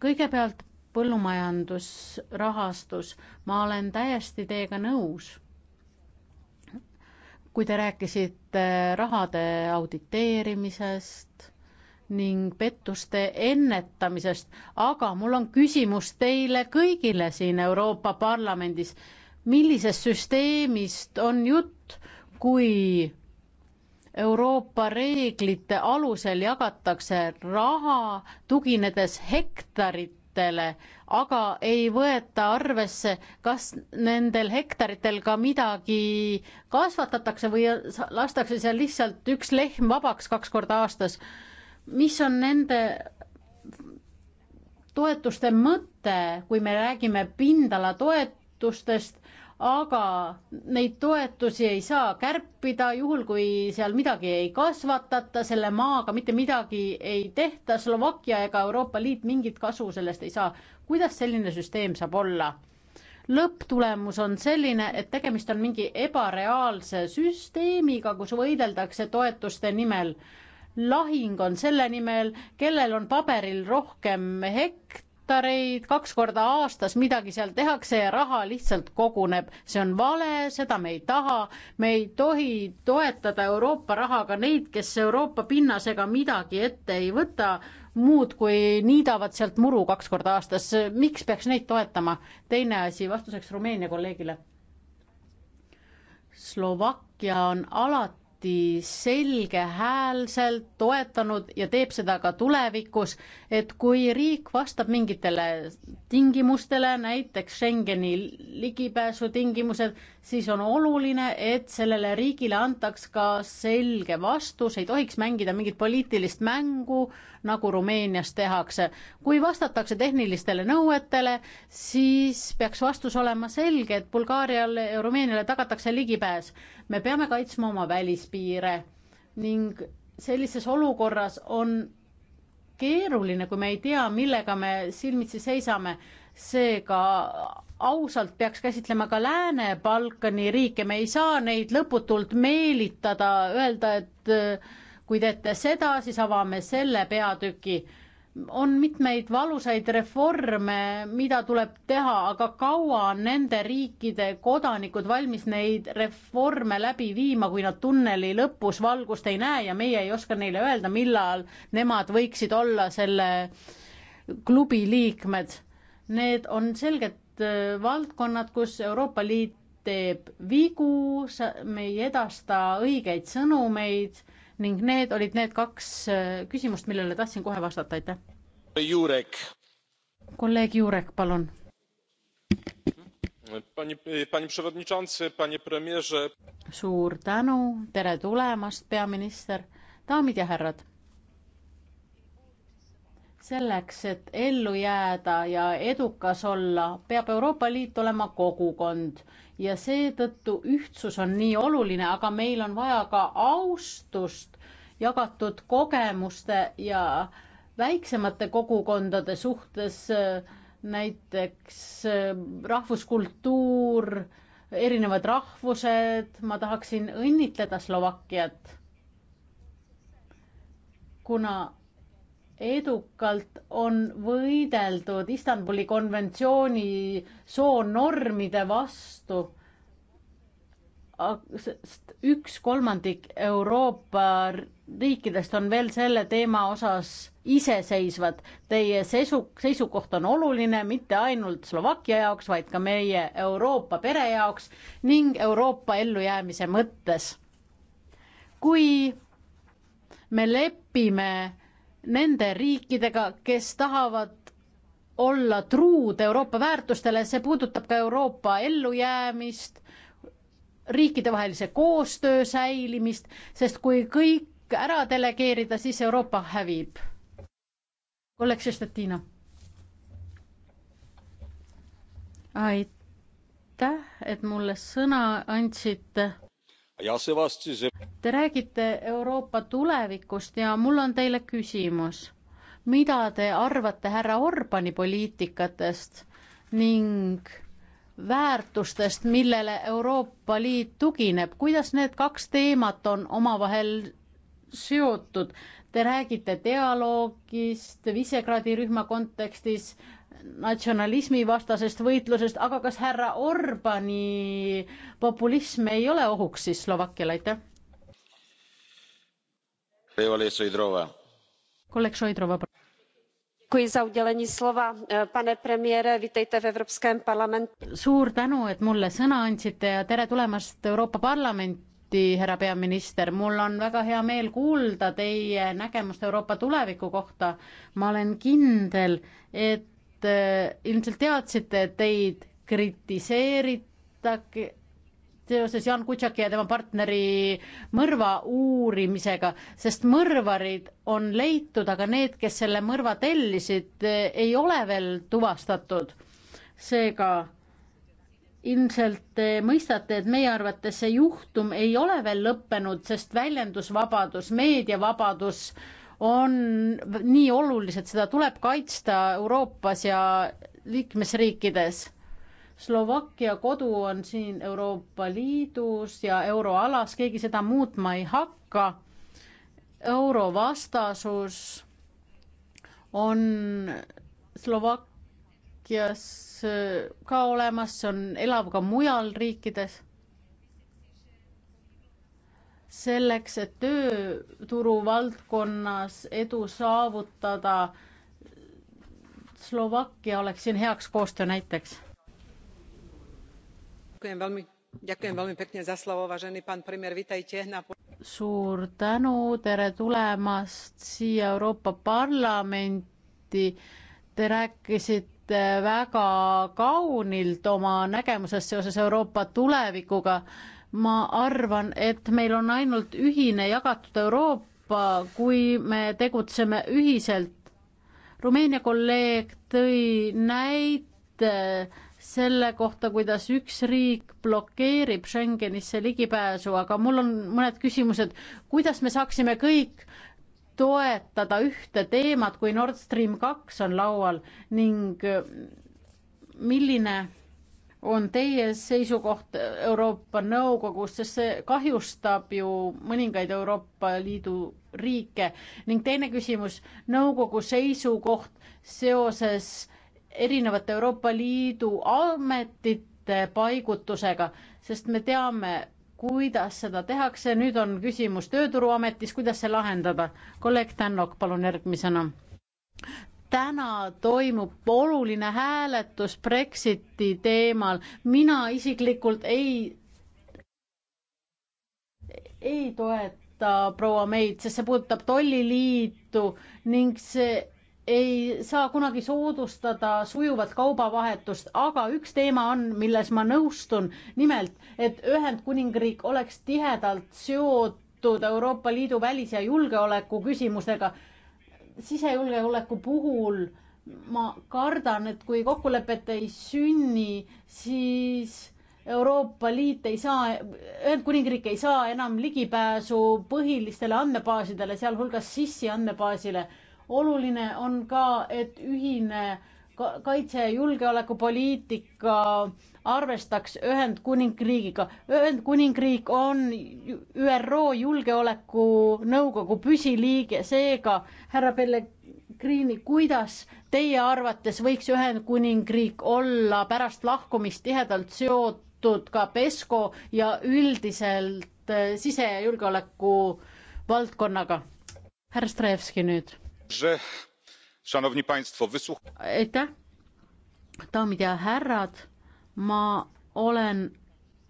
kõigepealt põllumajandusrahastus, ma olen täiesti teiega nõus. kui te rääkisite rahade auditeerimisest ning pettuste ennetamisest, aga mul on küsimus teile kõigile siin Euroopa Parlamendis. millisest süsteemist on jutt, kui Euroopa reeglite alusel jagatakse raha, tuginedes hektaritele, aga ei võeta arvesse, kas nendel hektaritel ka midagi kasvatatakse või lastakse seal lihtsalt üks lehm vabaks kaks korda aastas mis on nende toetuste mõte, kui me räägime pindalatoetustest, aga neid toetusi ei saa kärpida, juhul kui seal midagi ei kasvatata, selle maaga mitte midagi ei tehta, Slovakkia ega Euroopa Liit mingit kasu sellest ei saa. kuidas selline süsteem saab olla? lõpptulemus on selline, et tegemist on mingi ebareaalse süsteemiga, kus võideldakse toetuste nimel lahing on selle nimel, kellel on paberil rohkem hektareid, kaks korda aastas midagi seal tehakse ja raha lihtsalt koguneb. see on vale, seda me ei taha. me ei tohi toetada Euroopa rahaga neid, kes Euroopa pinnasega midagi ette ei võta, muud kui niidavad sealt muru kaks korda aastas. miks peaks neid toetama? teine asi vastuseks Rumeenia kolleegile. Slovakkia on alati alati selgehäälselt toetanud ja teeb seda ka tulevikus, et kui riik vastab mingitele tingimustele, näiteks Schengeni ligipääsu tingimused, siis on oluline, et sellele riigile antaks ka selge vastus, ei tohiks mängida mingit poliitilist mängu, nagu Rumeenias tehakse. kui vastatakse tehnilistele nõuetele, siis peaks vastus olema selge, et Bulgaariale ja Rumeeniale tagatakse ligipääs. me peame kaitsma oma välispiiri piire ning sellises olukorras on keeruline, kui me ei tea, millega me silmitsi seisame. seega ausalt peaks käsitlema ka Lääne-Balkani riike, me ei saa neid lõputult meelitada, öelda, et kui teete seda, siis avame selle peatüki on mitmeid valusaid reforme, mida tuleb teha, aga kaua on nende riikide kodanikud valmis neid reforme läbi viima, kui nad tunneli lõpus valgust ei näe ja meie ei oska neile öelda, millal nemad võiksid olla selle klubi liikmed. Need on selged äh, valdkonnad, kus Euroopa Liit teeb vigu, me ei edasta õigeid sõnumeid ning need olid need kaks äh, küsimust, millele tahtsin kohe vastata, aitäh. Jurek. kolleeg Jurek, palun. suur tänu, tere tulemast, peaminister, daamid ja härrad selleks, et ellu jääda ja edukas olla, peab Euroopa Liit olema kogukond ja seetõttu ühtsus on nii oluline, aga meil on vaja ka austust jagatud kogemuste ja väiksemate kogukondade suhtes, näiteks äh, rahvuskultuur, erinevad rahvused, ma tahaksin õnnitleda Slovakkiat, kuna edukalt on võideldud Istanbuli konventsiooni soonormide vastu. sest üks kolmandik Euroopa riikidest on veel selle teema osas iseseisvad. Teie seisu, seisukoht on oluline mitte ainult Slovakkia jaoks, vaid ka meie Euroopa pere jaoks ning Euroopa ellujäämise mõttes. kui me lepime nende riikidega, kes tahavad olla truud Euroopa väärtustele, see puudutab ka Euroopa ellujäämist, riikidevahelise koostöö säilimist, sest kui kõik ära delegeerida, siis Euroopa hävib. kolleeg Sestatina. aitäh, et mulle sõna andsite Te räägite Euroopa tulevikust ja mul on teile küsimus. mida te arvate härra Orbani poliitikatest ning väärtustest, millele Euroopa Liit tugineb, kuidas need kaks teemat on omavahel seotud? Te räägite dialoogist Visegradi rühma kontekstis natsionalismi vastasest võitlusest, aga kas härra Orbani populism ei ole ohuks siis Slovakkiale, aitäh? kolleeg Šoidrova. pane premiére, vítejte v Evropském parlamentu. suur tänu, et mulle sõna andsite ja tere tulemast Euroopa Parlamenti, härra peaminister. mul on väga hea meel kuulda teie nägemust Euroopa tuleviku kohta. ma olen kindel, et te eh, ilmselt teadsite, et teid kritiseeritakse seoses Jan Kutšaki ja tema partneri mõrva uurimisega, sest mõrvarid on leitud, aga need, kes selle mõrva tellisid, eh, ei ole veel tuvastatud. seega ilmselt te eh, mõistate, et meie arvates see juhtum ei ole veel lõppenud, sest väljendusvabadus, meediavabadus äh, on nii olulised, seda tuleb kaitsta Euroopas ja liikmesriikides. Slovakkia kodu on siin Euroopa Liidus ja euroalas, keegi seda muutma ei hakka. eurovastasus on Slovakkias ka olemas, see on elav ka mujal riikides selleks, et tööturu valdkonnas edu saavutada. Slovakkia oleks siin heaks koostöö näiteks. suur tänu, tere tulemast siia Euroopa Parlamenti. Te rääkisite rääkisite äh, väga kaunilt oma nägemusest seoses Euroopa tulevikuga. ma arvan, et meil on ainult ühine jagatud Euroopa, kui me tegutseme ühiselt. Rumeenia kolleeg tõi näite selle kohta, kuidas üks riik blokeerib Schengenisse ligipääsu, aga mul on mõned küsimused, kuidas me saaksime kõik toetada ühte teemat, kui Nord Stream kaks on laual ning äh, milline on teie seisukoht Euroopa Nõukogus, sest see kahjustab ju mõningaid Euroopa Liidu riike ning teine küsimus, nõukogu seisukoht seoses erinevate Euroopa Liidu ametite paigutusega, sest me teame, kuidas seda tehakse, nüüd on küsimus Tööturuametis, kuidas see lahendada. kolleeg Tännok, palun järgmisena. täna toimub oluline hääletus Brexiti teemal, mina isiklikult ei, ei toeta proua Meid, sest see puudutab tolliliitu ning see ei saa kunagi soodustada sujuvat kaubavahetust, aga üks teema on, milles ma nõustun, nimelt, et Ühendkuningriik oleks tihedalt seotud Euroopa Liidu välis- ja julgeoleku küsimustega. sisejulgeoleku puhul ma kardan, et kui kokkulepet ei sünni, siis Euroopa Liit ei saa, Ühendkuningriik ei saa enam ligipääsu põhilistele andmebaasidele, sealhulgas SIS-i andmebaasile oluline on ka, et ühine kaitse- ja julgeolekupoliitika arvestaks Ühendkuningriigiga. Ühendkuningriik on ÜRO Julgeolekunõukogu püsiliige, seega härra Pellegrini, kuidas teie arvates võiks Ühendkuningriik olla pärast lahkumist tihedalt seotud ka PESCO ja üldiselt eh, sise- ja julgeoleku valdkonnaga? härra Strejevski nüüd aitäh, daamid ja härrad, ma olen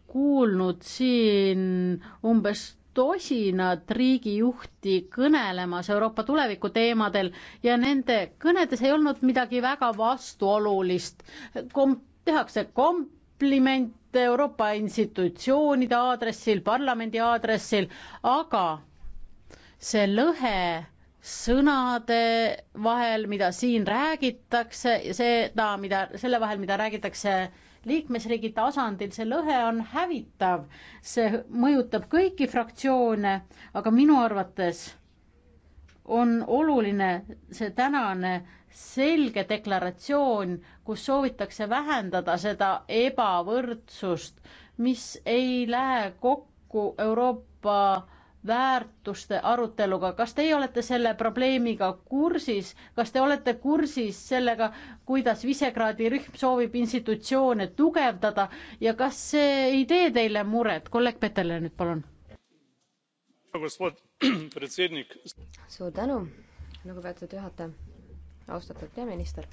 kuulnud siin umbes tosinad riigijuhti kõnelemas Euroopa tuleviku teemadel ja nende kõnedes ei olnud midagi väga vastuolulist Kom. tehakse komplimente Euroopa institutsioonide aadressil, parlamendi aadressil, aga see lõhe sõnade vahel, mida siin räägitakse ja seda, mida selle vahel, mida räägitakse liikmesriigi tasandil, see lõhe on hävitav. see mõjutab kõiki fraktsioone, aga minu arvates on oluline see tänane selge deklaratsioon, kus soovitakse vähendada seda ebavõrdsust, mis ei lähe kokku Euroopa väärtuste aruteluga, kas teie olete selle probleemiga kursis, kas te olete kursis sellega, kuidas Visegradi rühm soovib institutsioone tugevdada ja kas see ei tee teile muret? kolleeg Petele nüüd palun. suur tänu, lugupeetud juhataja, austatud peaminister.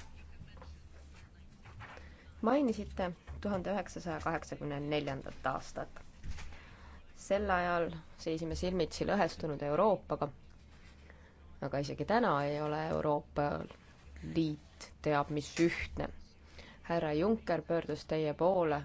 mainisite tuhande üheksasaja kaheksakümne neljandat aastat sel ajal seisime silmitsi lõhestunud Euroopaga, aga isegi täna ei ole Euroopa Liit teab mis ühtne. härra Juncker pöördus teie poole